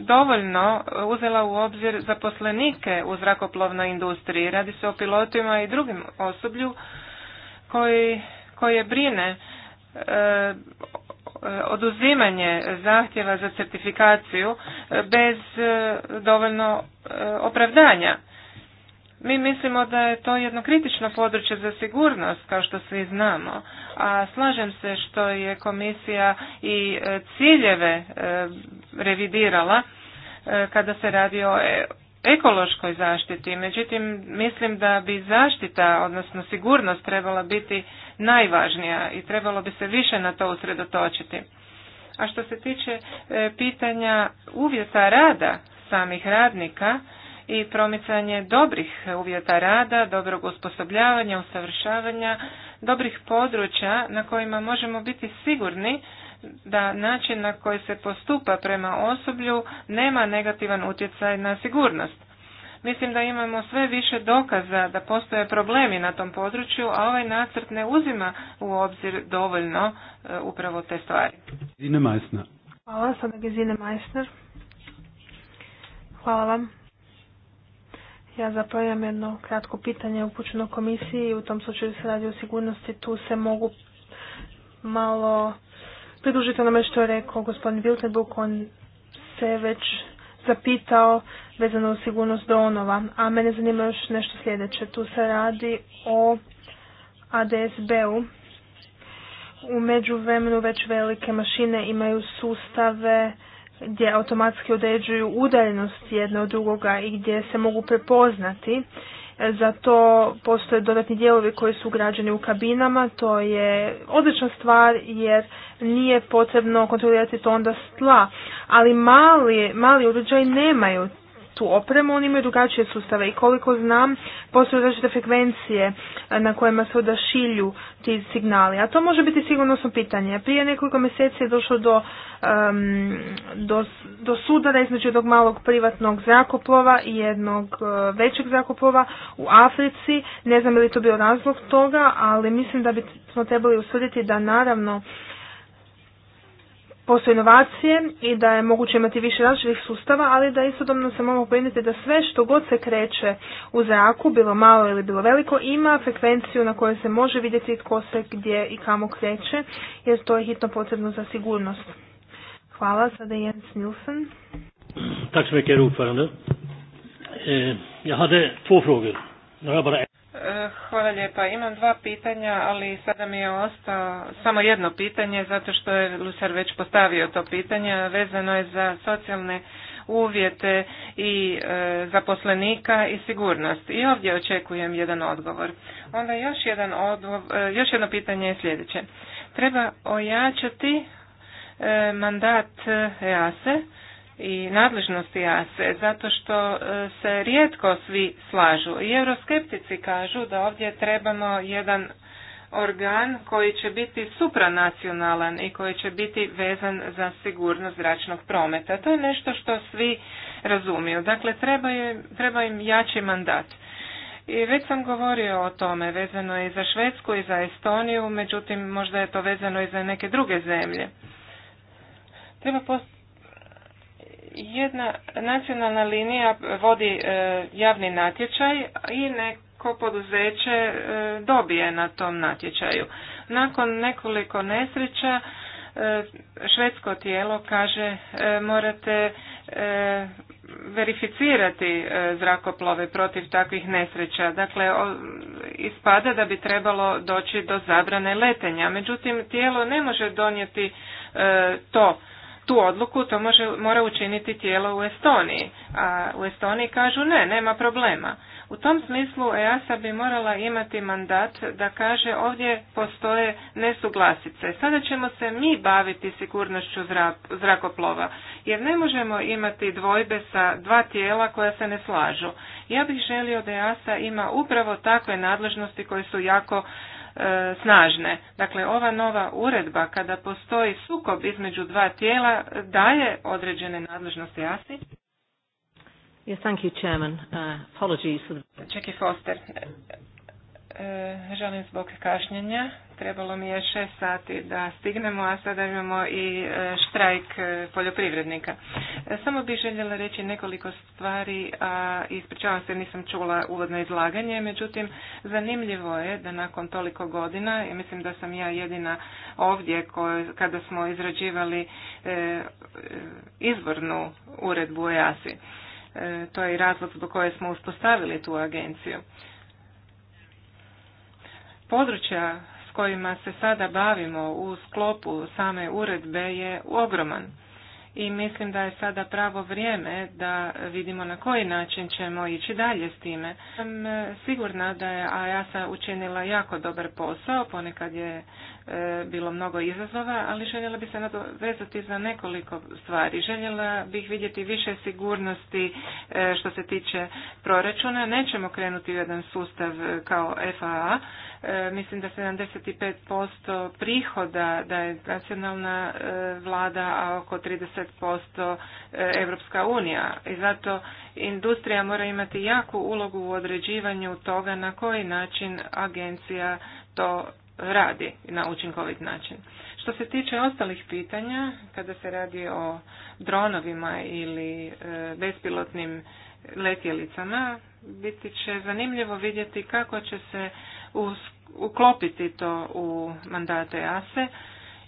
dovoljno uzela u obzir zaposlenike u zrakoplovnoj industriji. Radi se o pilotima i drugim osoblju koji, koje brine oduzimanje zahtjeva za certifikaciju bez dovoljno opravdanja. Mi mislimo da je to jedno kritično područje za sigurnost, kao što svi znamo, a slažem se što je komisija i e, ciljeve e, revidirala e, kada se radi o ekološkoj zaštiti. Međutim, mislim da bi zaštita, odnosno sigurnost, trebala biti najvažnija i trebalo bi se više na to usredotočiti. A što se tiče pitanja uvjeta rada samih radnika, i promicanje dobrih uvjeta rada, dobrog usposobljavanja, usavršavanja, dobrih područja na kojima možemo biti sigurni da način na koji se postupa prema osoblju nema negativan utjecaj na sigurnost. Mislim da imamo sve više dokaza da postoje problemi na tom području, a ovaj nacrt ne uzima u obzir dovoljno e, upravo te stvari. Hvala, Majsner. Hvala vam. Ja zapravo imam jedno kratko pitanje upućeno komisiji u tom slučaju se radi o sigurnosti. Tu se mogu malo pridružiti onome što je rekao gospodin Wiltenbuk. On se već zapitao vezano u sigurnost dronova. A mene zanima još nešto sljedeće. Tu se radi o ADSB-u. U međuvremenu već velike mašine imaju sustave gdje automatski određuju udaljenost jedno od drugoga i gdje se mogu prepoznati. Za to postoje dodatni dijelovi koji su ugrađeni u kabinama, to je odlična stvar jer nije potrebno kontrolirati to onda s tla, ali mali, mali uređaj nemaju tu opremu, oni imaju drugačije sustave i koliko znam postoje različite frekvencije eh, na kojima se odašilju ti signali. A to može biti sigurnosno pitanje. Prije nekoliko mjeseci je došlo do, um, do, do sudara između jednog malog privatnog zrakoplova i jednog eh, većeg zrakoplova u Africi. Ne znam je li to bio razlog toga, ali mislim da bi smo trebali usuditi da naravno postoje inovacije i da je moguće imati više različitih sustava, ali da istodobno se možemo pojediniti da sve što god se kreće u zraku, bilo malo ili bilo veliko, ima frekvenciju na kojoj se može vidjeti tko se gdje i kamo kreće, jer to je hitno potrebno za sigurnost. Hvala, sada je Jens Nilsen. Tack eh, hade två frågor. jag bara Hvala lijepa. Imam dva pitanja, ali sada mi je ostao samo jedno pitanje, zato što je Lusar već postavio to pitanje. Vezano je za socijalne uvjete i e, zaposlenika i sigurnost. I ovdje očekujem jedan odgovor. Onda još, jedan odgovor, e, još jedno pitanje je sljedeće. Treba ojačati e, mandat EASE i nadležnosti ASE, zato što e, se rijetko svi slažu. I euroskeptici kažu da ovdje trebamo jedan organ koji će biti supranacionalan i koji će biti vezan za sigurnost zračnog prometa. To je nešto što svi razumiju. Dakle, treba, im jači mandat. I već sam govorio o tome, vezano je i za Švedsku i za Estoniju, međutim možda je to vezano i za neke druge zemlje. Treba post jedna nacionalna linija vodi e, javni natječaj i neko poduzeće e, dobije na tom natječaju. Nakon nekoliko nesreća e, švedsko tijelo kaže morate verificirati zrakoplove protiv takvih nesreća. Dakle, ispada da bi trebalo doći do zabrane letenja. Međutim, tijelo ne može donijeti to tu odluku to može, mora učiniti tijelo u Estoniji, a u Estoniji kažu ne, nema problema. U tom smislu EASA bi morala imati mandat da kaže ovdje postoje nesuglasice. Sada ćemo se mi baviti sigurnošću zrakoplova, jer ne možemo imati dvojbe sa dva tijela koja se ne slažu. Ja bih želio da EASA ima upravo takve nadležnosti koje su jako E, snažne. Dakle, ova nova uredba kada postoji sukob između dva tijela daje određene nadležnosti ASI. Yes, thank you, Chairman. Uh, Jackie Foster. E, želim zbog kašnjenja. Trebalo mi je šest sati da stignemo, a sada imamo i e, štrajk e, poljoprivrednika. Samo bih željela reći nekoliko stvari, a ispričavam se, nisam čula uvodno izlaganje, međutim, zanimljivo je da nakon toliko godina, i mislim da sam ja jedina ovdje kada smo izrađivali izvornu uredbu EASI. to je i razlog zbog koje smo uspostavili tu agenciju područja s kojima se sada bavimo u sklopu same uredbe je ogroman i mislim da je sada pravo vrijeme da vidimo na koji način ćemo ići dalje s time. Sam e, sigurna da je Ajasa učinila jako dobar posao, ponekad je e, bilo mnogo izazova, ali željela bi se vezati za nekoliko stvari. Željela bih vidjeti više sigurnosti e, što se tiče proračuna. Nećemo krenuti u jedan sustav kao FAA. mislim da 75% prihoda da je nacionalna vlada, a oko 30 posto e, Evropska unija i zato industrija mora imati jaku ulogu u određivanju toga na koji način agencija to radi na učinkovit način. Što se tiče ostalih pitanja, kada se radi o dronovima ili e, bespilotnim letjelicama, biti će zanimljivo vidjeti kako će se uklopiti to u mandate ASE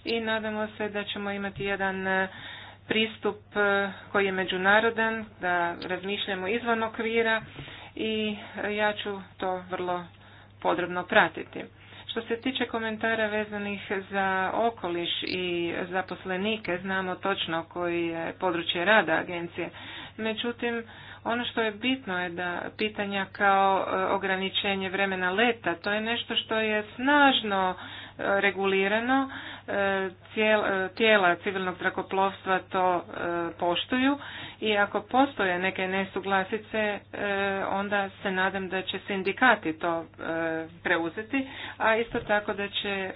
i nadamo se da ćemo imati jedan pristup e, koji je međunarodan, da razmišljamo izvan okvira i e, ja ću to vrlo podrobno pratiti. Što se tiče komentara vezanih za okoliš i zaposlenike, znamo točno koji je područje rada agencije. Međutim, ono što je bitno je da pitanja kao e, ograničenje vremena leta, to je nešto što je snažno regulirano, e, e, tijela civilnog zrakoplovstva to e, poštuju i ako postoje neke nesuglasice, onda se nadam da će sindikati to preuzeti, a isto tako da će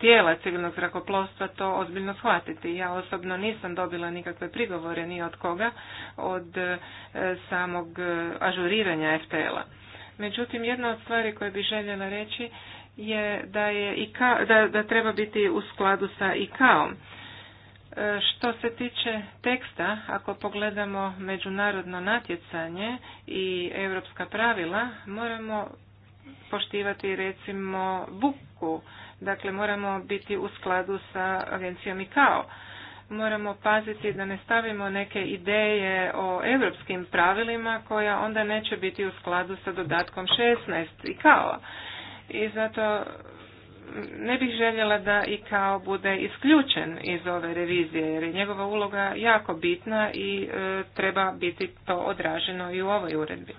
tijela civilnog zrakoplovstva to ozbiljno shvatiti. Ja osobno nisam dobila nikakve prigovore ni od koga od samog ažuriranja FTL-a. Međutim, jedna od stvari koje bih željela reći je da je da, da treba biti u skladu sa i kao. E, što se tiče teksta, ako pogledamo međunarodno natjecanje i europska pravila, moramo poštivati recimo buku, dakle moramo biti u skladu sa agencijom kao. Moramo paziti da ne stavimo neke ideje o europskim pravilima koja onda neće biti u skladu sa dodatkom 16 i kao i zato ne bih željela da i kao bude isključen iz ove revizije jer je njegova uloga jako bitna i e, treba biti to odraženo i u ovoj uredbi.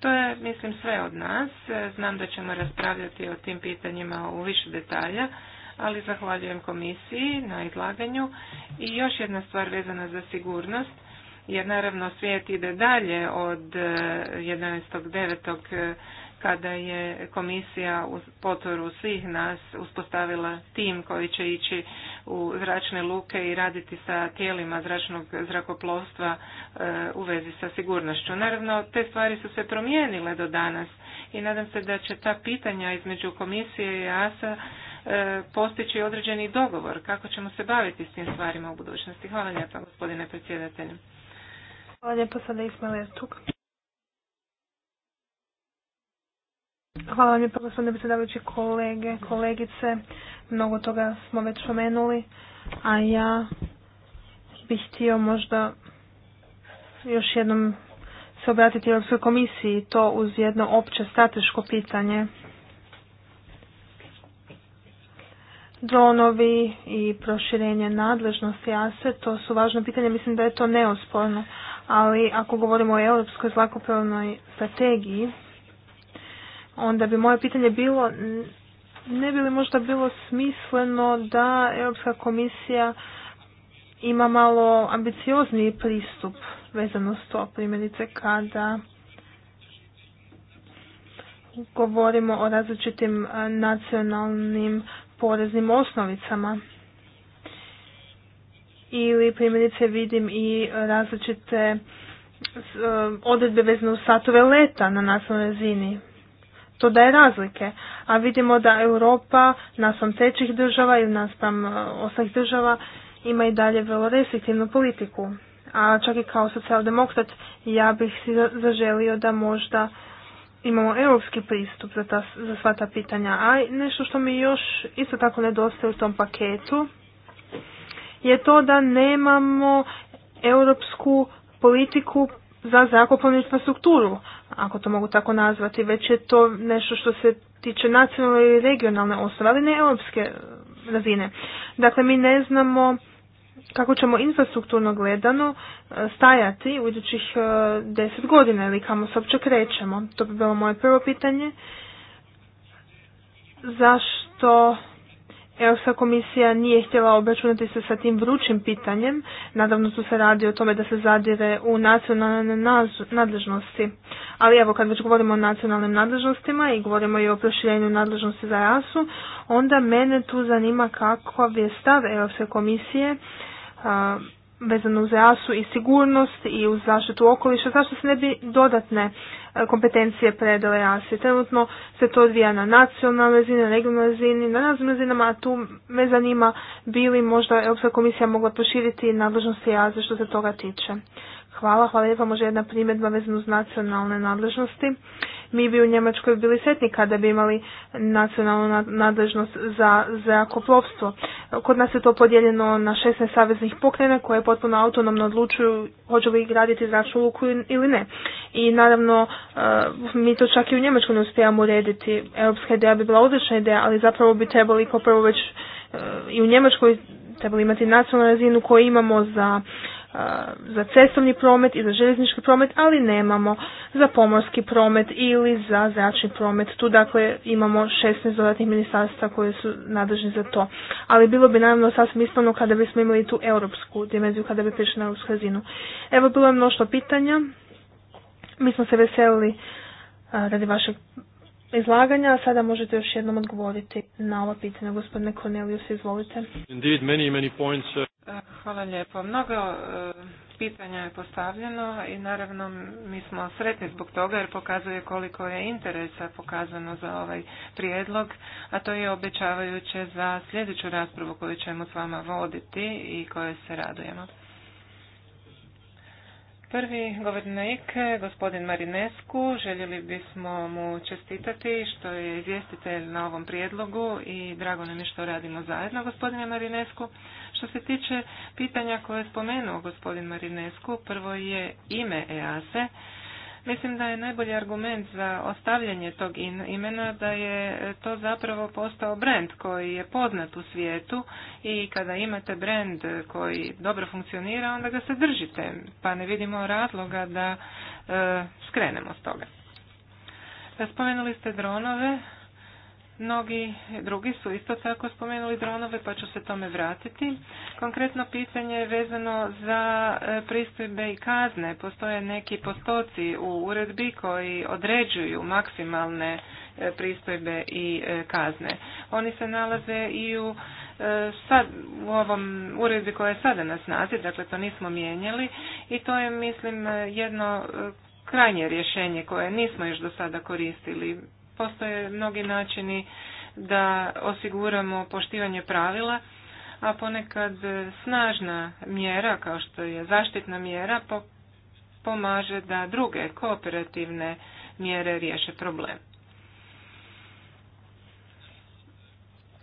To je, mislim, sve od nas. Znam da ćemo raspravljati o tim pitanjima u više detalja, ali zahvaljujem komisiji na izlaganju. I još jedna stvar vezana za sigurnost, jer naravno svijet ide dalje od 11.9 e, kada je komisija uz potporu svih nas uspostavila tim koji će ići u zračne luke i raditi sa tijelima zračnog zrakoplovstva e, u vezi sa sigurnošću. Naravno, te stvari su se promijenile do danas i nadam se da će ta pitanja između komisije i ASA e, postići određeni dogovor kako ćemo se baviti s tim stvarima u budućnosti. Hvala lijepa gospodine predsjedatelju. Hvala lijepo sada Ismail Hvala vam lijepo gospodine predsjedavajući kolege, kolegice. Mnogo toga smo već spomenuli, a ja bih htio možda još jednom se obratiti Europskoj komisiji to uz jedno opće strateško pitanje. Dronovi i proširenje nadležnosti ASE, to su važno pitanje, mislim da je to neosporno, ali ako govorimo o europskoj zlakopravnoj strategiji, onda bi moje pitanje bilo ne bi li možda bilo smisleno da Europska komisija ima malo ambiciozniji pristup vezano s to primjerice kada govorimo o različitim nacionalnim poreznim osnovicama. Ili primjerice vidim i različite odredbe vezano uz satove leta na nacionalnoj razini to daje razlike. A vidimo da Europa naspram trećih država ili naspram e, ostalih država ima i dalje vrlo restriktivnu politiku. A čak i kao socijaldemokrat ja bih si zaželio da možda imamo europski pristup za, ta, za sva ta pitanja. A nešto što mi još isto tako nedostaje u tom paketu je to da nemamo europsku politiku za zrakoplovnu infrastrukturu, ako to mogu tako nazvati, već je to nešto što se tiče nacionalne i regionalne osnove, ali ne europske e, razine. Dakle, mi ne znamo kako ćemo infrastrukturno gledano e, stajati u idućih e, deset godina ili kamo se uopće krećemo. To bi bilo moje prvo pitanje. Zašto Europska komisija nije htjela obračunati se sa tim vrućim pitanjem, nadavno su se radi o tome da se zadire u nacionalne nadležnosti. Ali evo, kad već govorimo o nacionalnim nadležnostima i govorimo i o proširenju nadležnosti za rasu, onda mene tu zanima kakav je stav Europske komisije vezano uz rasu i sigurnost i uz zaštitu okoliša, zašto se ne bi dodatne e, kompetencije predale rasi. Trenutno se to odvija na nacionalnoj razini, na regionalnoj razini, na raznim razinama, a tu me zanima bi li možda Europska komisija mogla proširiti nadležnosti raze što se toga tiče. Hvala, hvala lijepa. Može jedna primjedba vezana uz nacionalne nadležnosti. Mi bi u Njemačkoj bili sretni kada bi imali nacionalnu nadležnost za zrakoplovstvo. Kod nas je to podijeljeno na 16 saveznih pokrena koje potpuno autonomno odlučuju hoće li graditi zračnu luku ili ne. I naravno eh, mi to čak i u Njemačkoj ne uspijamo urediti. Europska ideja bi bila odlična ideja, ali zapravo bi trebali kao prvo već eh, i u Njemačkoj trebali imati nacionalnu razinu koju imamo za za cestovni promet i za željeznički promet, ali nemamo za pomorski promet ili za zračni promet. Tu dakle imamo 16 dodatnih ministarstva koje su nadležni za to. Ali bilo bi naravno sasvim ispravno kada bismo imali tu europsku dimenziju, kada bi prišli na europsku razinu. Evo bilo je mnoštvo pitanja. Mi smo se veselili radi vašeg izlaganja. Sada možete još jednom odgovoriti na ova pitanja. Gospodine Cornelius, izvolite. Uh, e, hvala lijepo. Mnogo e, pitanja je postavljeno i naravno mi smo sretni zbog toga jer pokazuje koliko je interesa pokazano za ovaj prijedlog, a to je obećavajuće za sljedeću raspravu koju ćemo s vama voditi i koje se radujemo. Prvi govornik, gospodin Marinesku, željeli bismo mu čestitati što je izvjestitelj na ovom prijedlogu i drago nam je što radimo zajedno, gospodine Marinesku. Što se tiče pitanja koje je spomenuo gospodin Marinesku, prvo je ime EASE, Mislim da je najbolji argument za ostavljanje tog imena da je to zapravo postao brand koji je poznat u svijetu i kada imate brand koji dobro funkcionira onda ga se držite pa ne vidimo razloga da e, skrenemo s toga. Spomenuli ste dronove, Mnogi drugi su isto tako spomenuli dronove, pa ću se tome vratiti. Konkretno pitanje je vezano za e, pristojbe i kazne. Postoje neki postoci u uredbi koji određuju maksimalne e, pristojbe i e, kazne. Oni se nalaze i u, sad, u ovom uredbi koja je sada na snazi, dakle to nismo mijenjali i to je mislim jedno krajnje rješenje koje nismo još do sada koristili postoje mnogi načini da osiguramo poštivanje pravila, a ponekad snažna mjera kao što je zaštitna mjera pomaže da druge kooperativne mjere riješe problem.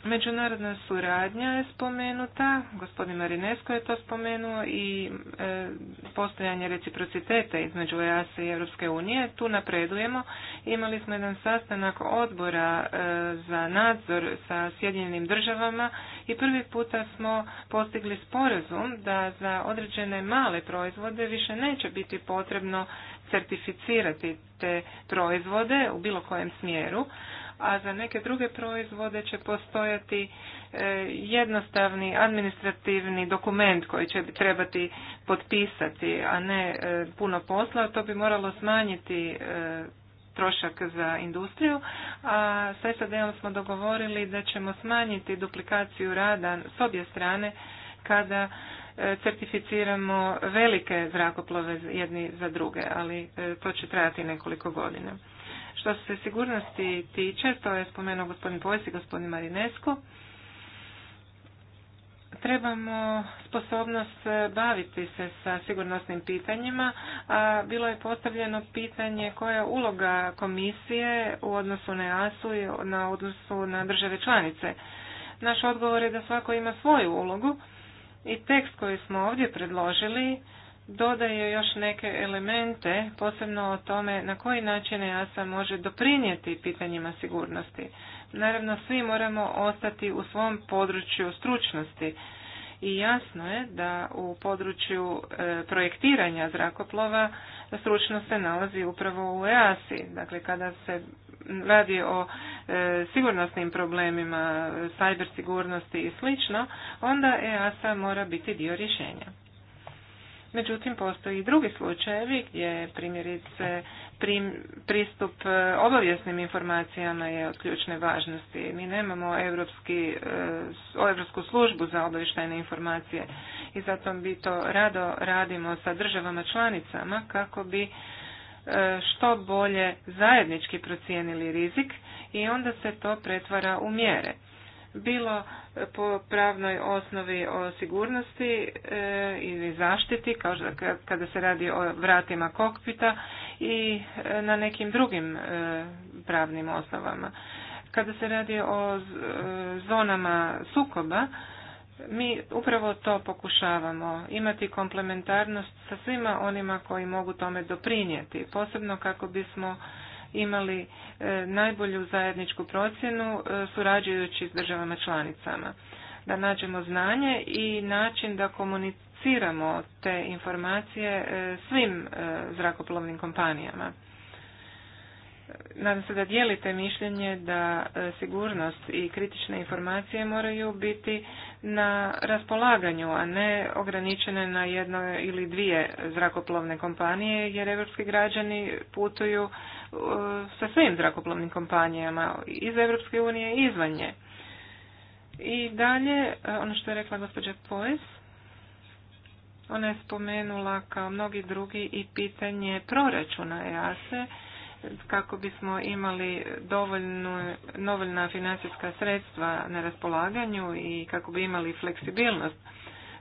Međunarodna suradnja je spomenuta, gospodin Marinesko je to spomenuo i e, postojanje reciprociteta između EASA i Europske unije. Tu napredujemo. Imali smo jedan sastanak odbora e, za nadzor sa Sjedinjenim državama i prvi puta smo postigli sporazum da za određene male proizvode više neće biti potrebno certificirati te proizvode u bilo kojem smjeru, a za neke druge proizvode će postojati e, jednostavni administrativni dokument koji će trebati potpisati, a ne e, puno posla. To bi moralo smanjiti e, trošak za industriju, a sa SAD-om smo dogovorili da ćemo smanjiti duplikaciju rada s obje strane kada certificiramo velike zrakoplove jedni za druge, ali to će trajati nekoliko godina. Što se sigurnosti tiče, to je spomenuo gospodin Pojs i gospodin Marinesko, trebamo sposobnost e, baviti se sa sigurnosnim pitanjima, a bilo je postavljeno pitanje koja je uloga komisije u odnosu na EAS-u i na odnosu na države članice. Naš odgovor je da svako ima svoju ulogu i tekst koji smo ovdje predložili dodaje još neke elemente, posebno o tome na koji način EASA može doprinijeti pitanjima sigurnosti. Naravno, svi moramo ostati u svom području stručnosti i jasno je da u području e, projektiranja zrakoplova stručnost se nalazi upravo u EASI. Dakle, kada se radi o e, sigurnosnim problemima, cyber sigurnosti i slično, onda EASA mora biti dio rješenja. Međutim, postoji i drugi slučajevi gdje primjerice pristup e, obavjesnim informacijama je od ključne važnosti. Mi nemamo evropski, e, Evropsku službu za obavještajne informacije i zato bi to rado radimo sa državama članicama kako bi e, što bolje zajednički procijenili rizik i onda se to pretvara u mjere bilo po pravnoj osnovi o sigurnosti e, ili zaštiti, kao kada se radi o vratima kokpita i e, na nekim drugim e, pravnim osnovama. Kada se radi o zonama sukoba, mi upravo to pokušavamo, imati komplementarnost sa svima onima koji mogu tome doprinijeti, posebno kako bismo imali e, najbolju zajedničku procjenu e, surađujući s državama članicama. Da nađemo znanje i način da komuniciramo te informacije e, svim zrakoplovnim kompanijama. Nadam se da dijelite mišljenje da sigurnost i kritične informacije moraju biti na raspolaganju, a ne ograničene na jedno ili dvije zrakoplovne kompanije, jer evropski građani putuju Eh, sa svim zrakoplovnim kompanijama iz Europske unije i izvan nje. I dalje, eh, ono što je rekla gospođa Poes, ona je spomenula kao mnogi drugi i pitanje proračuna EASE kako bismo imali dovoljnu, dovoljna financijska sredstva na raspolaganju i kako bi imali fleksibilnost.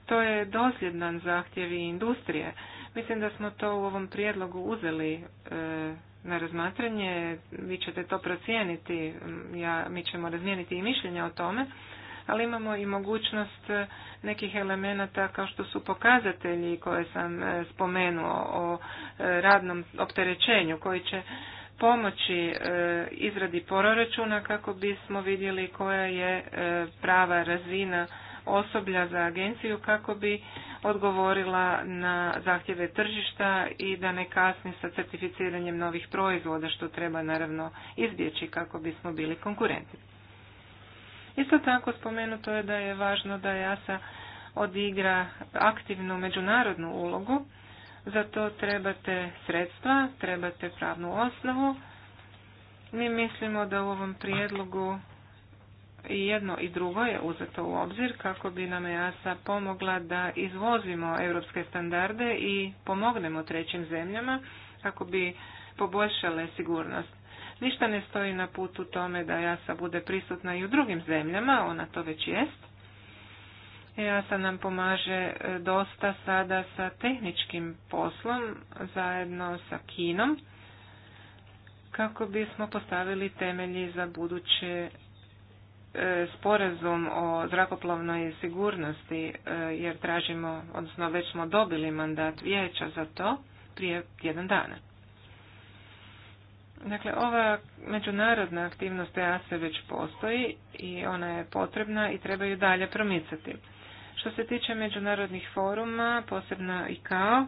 To je dosljedan zahtjev i industrije. Mislim da smo to u ovom prijedlogu uzeli eh, na razmatranje, vi ćete to procijeniti, ja, mi ćemo razmijeniti i mišljenja o tome, ali imamo i mogućnost e, nekih elemenata kao što su pokazatelji koje sam e, spomenuo o e, radnom opterećenju koji će pomoći izradi proračuna kako bismo vidjeli koja je prava razina osoblja za agenciju kako bi odgovorila na zahtjeve tržišta i da ne kasni sa certificiranjem novih proizvoda što treba naravno izbjeći kako bismo bili konkurentni. Isto tako spomenuto je da je važno da JASA odigra aktivnu međunarodnu ulogu, za to trebate sredstva, trebate pravnu osnovu. Mi mislimo da u ovom prijedlogu i jedno i drugo je uzeto u obzir kako bi nam EASA pomogla da izvozimo europske standarde i pomognemo trećim zemljama kako bi poboljšale sigurnost. Ništa ne stoji na putu tome da EASA bude prisutna i u drugim zemljama, ona to već jest. EASA nam pomaže e, dosta sada sa tehničkim poslom zajedno sa Kinom kako bismo postavili temelji za buduće E, sporazum o zrakoplovnoj sigurnosti, e, jer tražimo, odnosno već smo dobili mandat vijeća za to prije jedan dana. Dakle, ova međunarodna aktivnost EASE već postoji i ona je potrebna i treba ju dalje promicati. Što se tiče međunarodnih foruma, posebno i kao,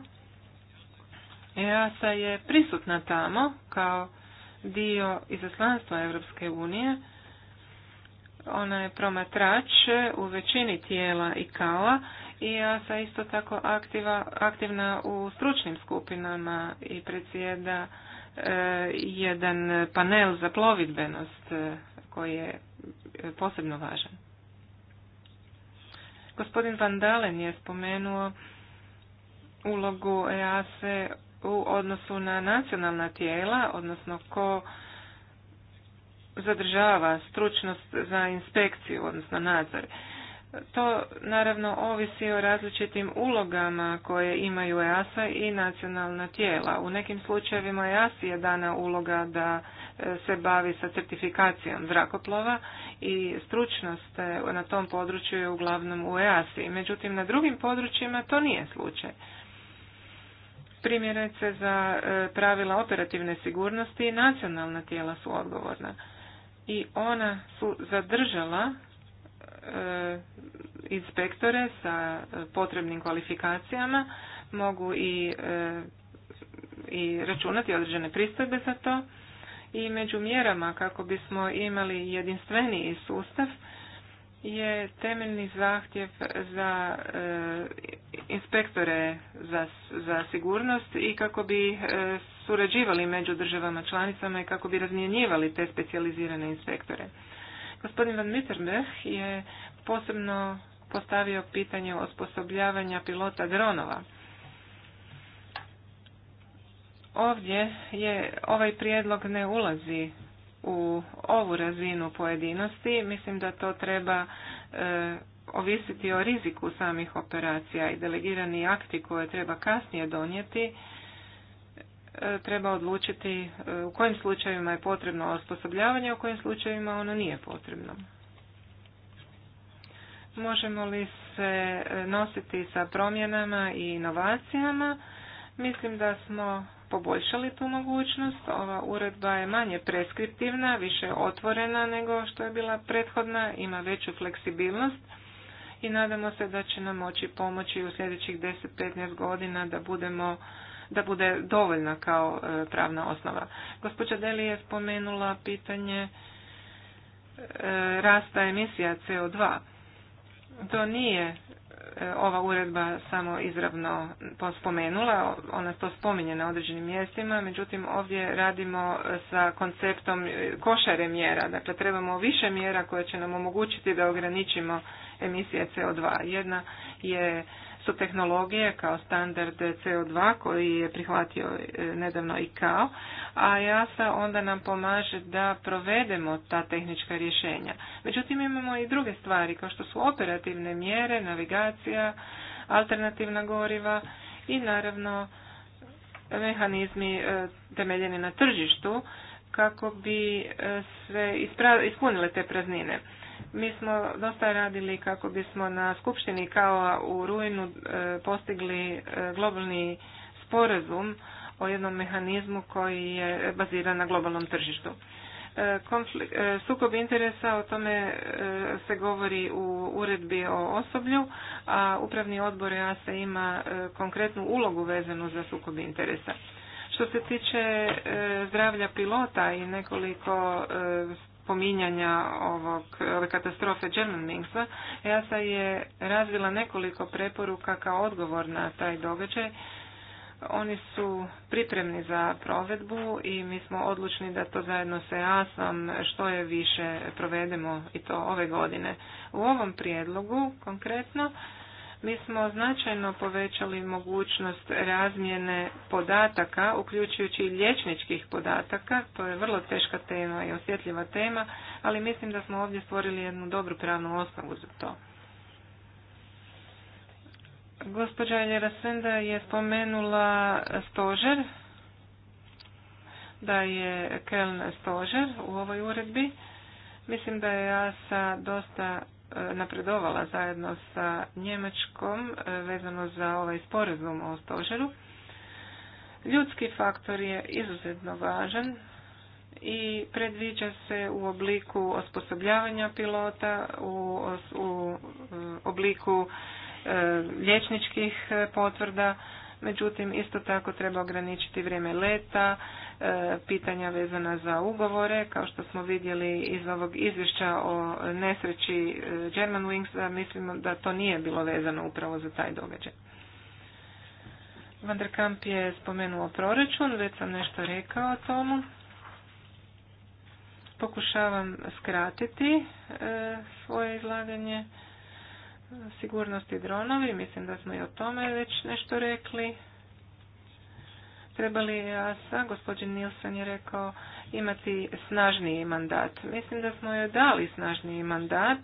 EASA je prisutna tamo kao dio izaslanstva Europske unije, ona je promatrač u većini tijela i kala i ja sam isto tako aktiva, aktivna u stručnim skupinama i predsjeda e, jedan panel za plovidbenost e, koji je e, posebno važan. Gospodin Van Dalen je spomenuo ulogu EASE u odnosu na nacionalna tijela, odnosno ko zadržava stručnost za inspekciju, odnosno nadzor. To naravno ovisi o različitim ulogama koje imaju EASA i nacionalna tijela. U nekim slučajevima EASA je dana uloga da e, se bavi sa certifikacijom zrakoplova i stručnost e, na tom području je uglavnom u EASA. Međutim, na drugim područjima to nije slučaj. Primjerice za e, pravila operativne sigurnosti i nacionalna tijela su odgovorna i ona su zadržala e, inspektore sa e, potrebnim kvalifikacijama, mogu i, e, i računati određene pristojbe za to i među mjerama kako bismo imali jedinstveniji sustav je temeljni zahtjev za e, inspektore za, za sigurnost i kako bi e, surađivali među državama članicama i kako bi razmjenjivali te specijalizirane inspektore. Gospodin Van Mitterberg je posebno postavio pitanje osposobljavanja pilota dronova. Ovdje je ovaj prijedlog ne ulazi u ovu razinu pojedinosti, mislim da to treba e, ovisiti o riziku samih operacija i delegirani akti koje treba kasnije donijeti, e, treba odlučiti e, u kojim slučajevima je potrebno osposobljavanje, u kojim slučajevima ono nije potrebno. Možemo li se nositi sa promjenama i inovacijama? Mislim da smo poboljšali tu mogućnost. Ova uredba je manje preskriptivna, više otvorena nego što je bila prethodna, ima veću fleksibilnost i nadamo se da će nam moći pomoći u sljedećih 10-15 godina da budemo da bude dovoljna kao e, pravna osnova. Gospođa Deli je spomenula pitanje e, rasta emisija CO2. To nije E, ova uredba samo izravno pospomenula. ona to spominje na određenim mjestima, međutim ovdje radimo e, sa konceptom e, košare mjera, dakle trebamo više mjera koje će nam omogućiti da ograničimo emisije CO2. Jedna je su tehnologije kao standard CO2 koji je prihvatio e, nedavno i kao, a JASA onda nam pomaže da provedemo ta tehnička rješenja. Međutim, imamo i druge stvari kao što su operativne mjere, navigacija, alternativna goriva i naravno mehanizmi e, temeljeni na tržištu kako bi se ispunile te praznine. Mi smo dosta radili kako bismo na Skupštini kao u Rujnu e, postigli e, globalni sporazum o jednom mehanizmu koji je baziran na globalnom tržištu. E, sukob interesa o tome se govori u uredbi o osoblju, a upravni odbor EASA ima konkretnu ulogu vezanu za sukob interesa. Što se tiče zdravlja pilota i nekoliko spominjanja ovog, ove katastrofe German ja EASA je razvila nekoliko preporuka kao odgovor na taj događaj. Oni su pripremni za provedbu i mi smo odlučni da to zajedno sa sam što je više provedemo i to ove godine. U ovom prijedlogu konkretno mi smo značajno povećali mogućnost razmjene podataka, uključujući i liječničkih podataka. To je vrlo teška tema i osjetljiva tema, ali mislim da smo ovdje stvorili jednu dobru pravnu osnovu za to. Gospođa Eljera Senda je spomenula stožer, da je Keln stožer u ovoj uredbi. Mislim da je ja sa dosta E, napredovala zajedno sa Njemačkom e, vezano za ovaj sporazum o stožeru. Ljudski faktor je izuzetno važan i predviđa se u obliku osposobljavanja pilota, u, u e, obliku liječničkih potvrda, međutim isto tako treba ograničiti vrijeme leta, pitanja vezana za ugovore. Kao što smo vidjeli iz ovog izvješća o nesreći e, German Wings, mislimo da to nije bilo vezano upravo za taj događaj. Van der Kamp je spomenuo proračun, već sam nešto rekao o tomu. Pokušavam skratiti e, svoje izlaganje sigurnosti dronovi. Mislim da smo i o tome već nešto rekli trebali EASA, gospodin Nilsson je rekao, imati snažniji mandat. Mislim da smo joj dali snažniji mandat.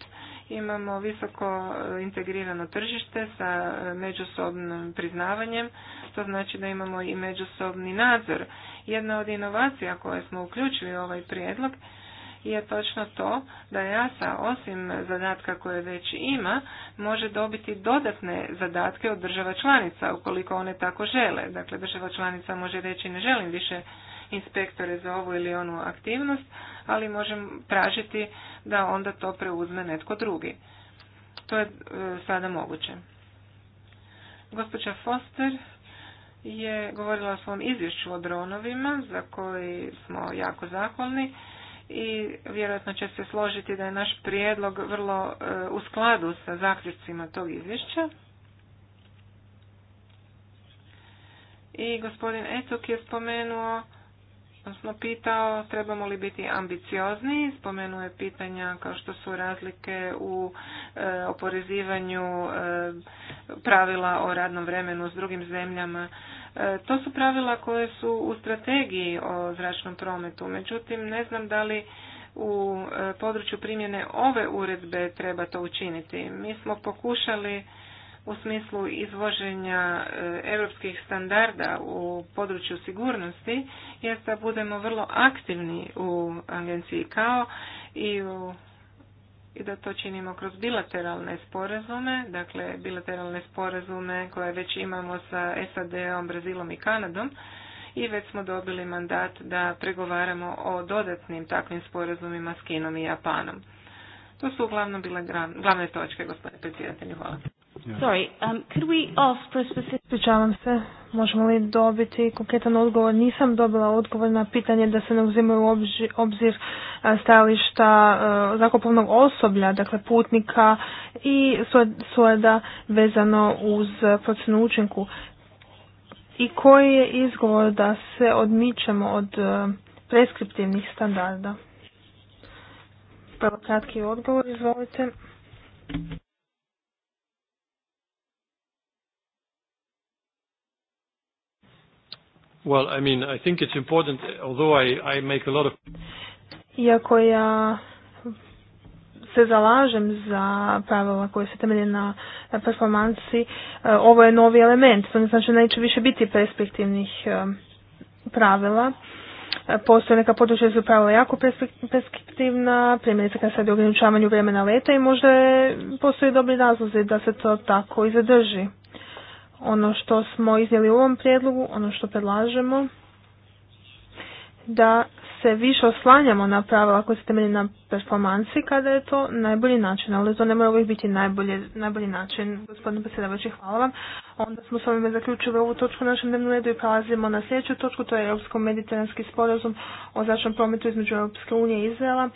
Imamo visoko e, integrirano tržište sa e, međusobnim priznavanjem, to znači da imamo i međusobni nadzor. Jedna od inovacija koje smo uključili u ovaj prijedlog je točno to da JASA osim zadatka koje već ima može dobiti dodatne zadatke od država članica ukoliko one tako žele. Dakle, država članica može reći ne želim više inspektore za ovu ili onu aktivnost, ali možem tražiti da onda to preuzme netko drugi. To je e, sada moguće. Gospođa Foster je govorila o svom izvješću o dronovima, za koji smo jako zahvalni i vjerojatno će se složiti da je naš prijedlog vrlo e, u skladu sa zaključcima tog izvješća. I gospodin Etuk je spomenuo, odnosno pitao, trebamo li biti ambiciozni, Spomenuo je pitanja kao što su razlike u e, oporezivanju e, pravila o radnom vremenu s drugim zemljama E, to su pravila koje su u strategiji o zračnom prometu, međutim ne znam da li u e, području primjene ove uredbe treba to učiniti. Mi smo pokušali u smislu izvoženja e, europskih standarda u području sigurnosti jer da budemo vrlo aktivni u agenciji kao i u i da to činimo kroz bilateralne sporazume, dakle bilateralne sporazume koje već imamo sa SAD-om, Brazilom i Kanadom i već smo dobili mandat da pregovaramo o dodatnim takvim sporazumima s Kinom i Japanom. To su uglavnom bile glavne točke, gospodine predsjedatelju. Hvala. Sorry, um, could we ask for specific... se, možemo li dobiti konkretan odgovor? Nisam dobila odgovor na pitanje da se ne uzimaju u obzir e, stajališta e, zakopovnog osoblja, dakle putnika i sueda vezano uz procenu učinku. I koji je izgovor da se odmičemo od e, preskriptivnih standarda? Prvo kratki odgovor, izvolite. Well, I mean, I think it's important, although I, I make a lot of... Iako ja se zalažem za pravila koje se temelje na performansi, e, ovo je novi element. To ne znači da neće više biti perspektivnih e, pravila. E, postoje neka područja su pravila jako perspektivna, primjerice kad se radi o ograničavanju vremena leta i možda postoje dobri razlozi da se to tako i zadrži ono što smo iznijeli u ovom prijedlogu, ono što predlažemo, da se više oslanjamo na pravila koje se temelji na performansi kada je to najbolji način, ali to ne mora uvijek biti najbolje, najbolji način. Gospodine predsjedavajući, hvala vam. Onda smo s ovime zaključili ovu točku na našem dnevnom redu i prelazimo na sljedeću točku, to je Europsko-mediteranski sporazum o zračnom prometu između Europske unije i Izraela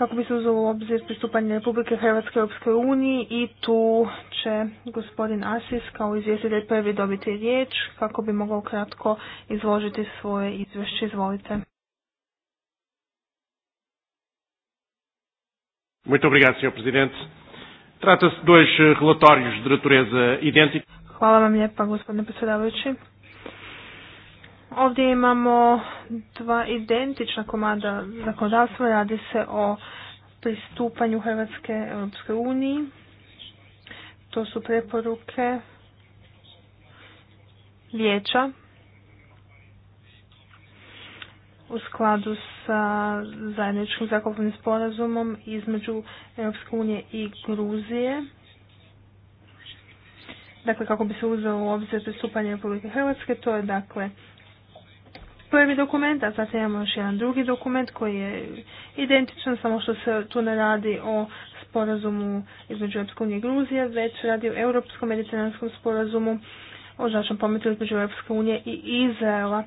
kako bi se uzelo u obzir pristupanje Republike Hrvatske Europskoj uniji i tu će gospodin Asis kao izvjestitelj prvi dobiti riječ kako bi mogao kratko izložiti svoje izvješće. Izvolite. Muito obrigado, senhor Presidente. Trata-se dois eh, relatórios de natureza idêntica. Hvala vam lijepa, gospodine predsjedavajući. Ovdje imamo dva identična komada zakonodavstva. Radi se o pristupanju Hrvatske Europske uniji. To su preporuke vijeća u skladu sa zajedničkim zakupnim sporazumom između Europske unije i Gruzije. Dakle, kako bi se uzeo u obzir pristupanje Republike Hrvatske, to je dakle prvi dokument, a sad imamo još jedan drugi dokument koji je identičan, samo što se tu ne radi o sporazumu između Europske unije i Gruzije, već radi o Europskom mediteranskom sporazumu o zračnom pometu između Europske unije i Izraela.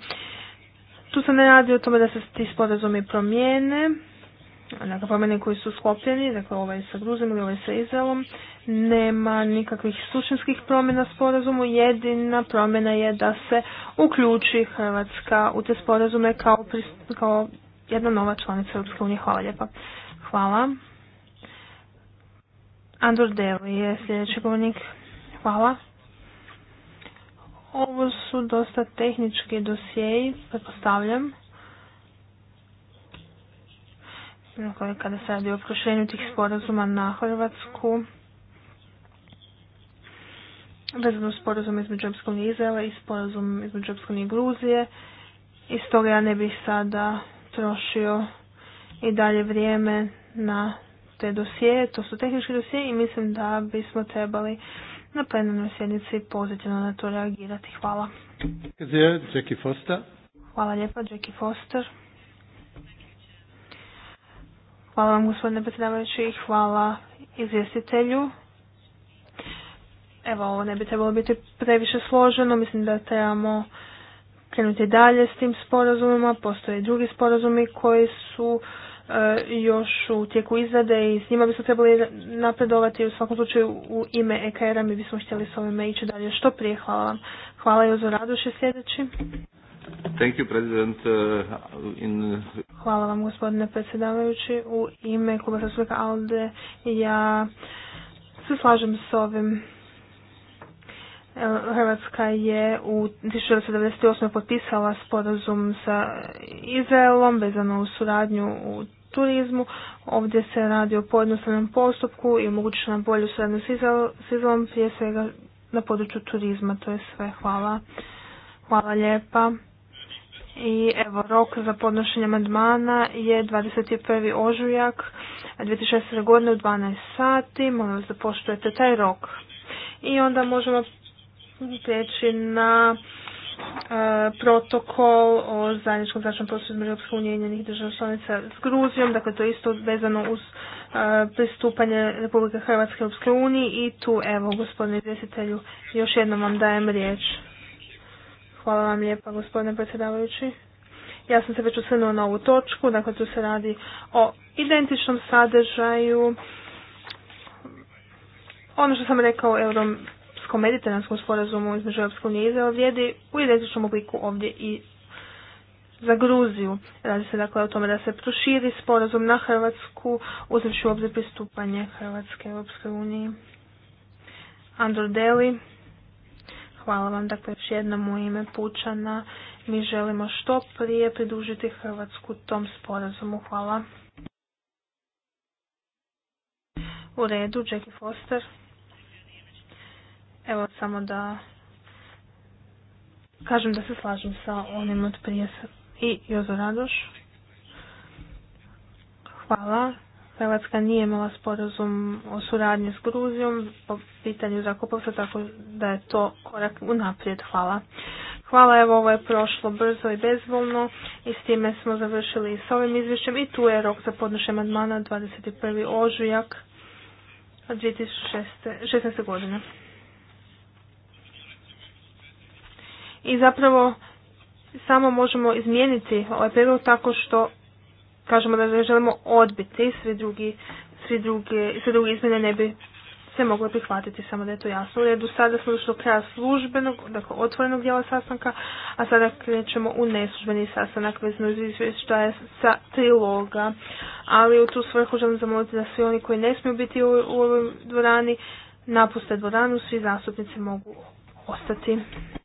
Tu se ne radi o tome da se ti sporazumi promijene, promjene koji su sklopljeni, dakle ovaj sa Gruzom ili ovaj sa Izraelom, nema nikakvih suštinskih promjena sporazumu. Jedina promjena je da se uključi Hrvatska u te sporazume kao, kao jedna nova članica Europske unije. Hvala lijepa. Hvala. Andor Deli je sljedeći govornik. Hvala. Ovo su dosta tehnički dosjeji, pretpostavljam. Dakle, kada se radi o prošenju tih sporazuma na Hrvatsku, vezano sporazum između Europske i Izraela i sporazum između Europske i Gruzije. I stoga ja ne bih sada trošio i dalje vrijeme na te dosije. To su tehnički dosije i mislim da bismo trebali na plenarnoj sjednici pozitivno na to reagirati. Hvala. Hvala lijepa, Jackie Foster. Hvala vam gospodine predsjedavajući i hvala izvjestitelju. Evo, ovo ne bi trebalo biti previše složeno, mislim da trebamo krenuti dalje s tim sporazumima, postoje drugi sporazumi koji su e, još u tijeku izrade i s njima bismo trebali napredovati u svakom slučaju u ime EKR-a mi bismo htjeli s ovime ići dalje što prije. Hvala vam. Hvala Jozo Radoš je sljedeći. Uh, in... Hvala vam, gospodine predsjedavajući. U ime Kluba ALDE ja se slažem s ovim. Hrvatska je u 1998. potpisala sporazum sa Izraelom vezano u suradnju u turizmu. Ovdje se radi o pojednostavnom postupku i omogućuje nam bolju suradnju s Izraelom, prije svega na području turizma. To je sve. Hvala. Hvala lijepa. I evo, rok za podnošenje amandmana je 21. ožujak 2016. godine u 12 sati. Molim vas da poštujete taj rok. I onda možemo prijeći na e, protokol o zajedničkom zračnom prostoru između Europske unije i njenih država članica s Gruzijom, dakle to je isto vezano uz e, pristupanje Republike Hrvatske Europske unije i tu evo gospodine izvjestitelju još jednom vam dajem riječ. Hvala vam lijepa gospodine predsjedavajući. Ja sam se već osvrnuo na ovu točku, dakle tu se radi o identičnom sadržaju. Ono što sam rekao o europskom mediteranskom sporazumu između Europske unije i vrijedi u identičnom obliku ovdje i za Gruziju. Radi se dakle o tome da se proširi sporazum na Hrvatsku uzevši u obzir pristupanje Hrvatske Europske unije Andor Deli Hvala vam, dakle, još jednom u ime Pučana. Mi želimo što prije pridružiti Hrvatsku tom sporazumu. Hvala. U redu, Jackie Foster. Evo samo da kažem da se slažem sa onim od prije i Jozo Radoš. Hvala. Hrvatska nije imala sporazum o suradnji s Gruzijom po pitanju zakupovca, tako da je to korak unaprijed. Hvala. Hvala, evo ovo je prošlo brzo i bezvolno i s time smo završili s ovim izvješćem i tu je rok za podnošenje amandmana 21. ožujak 2016. godine. I zapravo samo možemo izmijeniti ovaj prijedlog tako što kažemo da ne želimo odbiti, svi drugi, svi drugi, izmjene ne bi se mogle prihvatiti, samo da je to jasno. U redu sada smo došli do kraja službenog, dakle otvorenog dijela sastanka, a sada krećemo u neslužbeni sastanak vezano iz izvještaje sa triloga. Ali u tu svrhu želim zamoliti da svi oni koji ne smiju biti u, u ovoj dvorani napuste dvoranu, svi zastupnici mogu ostati.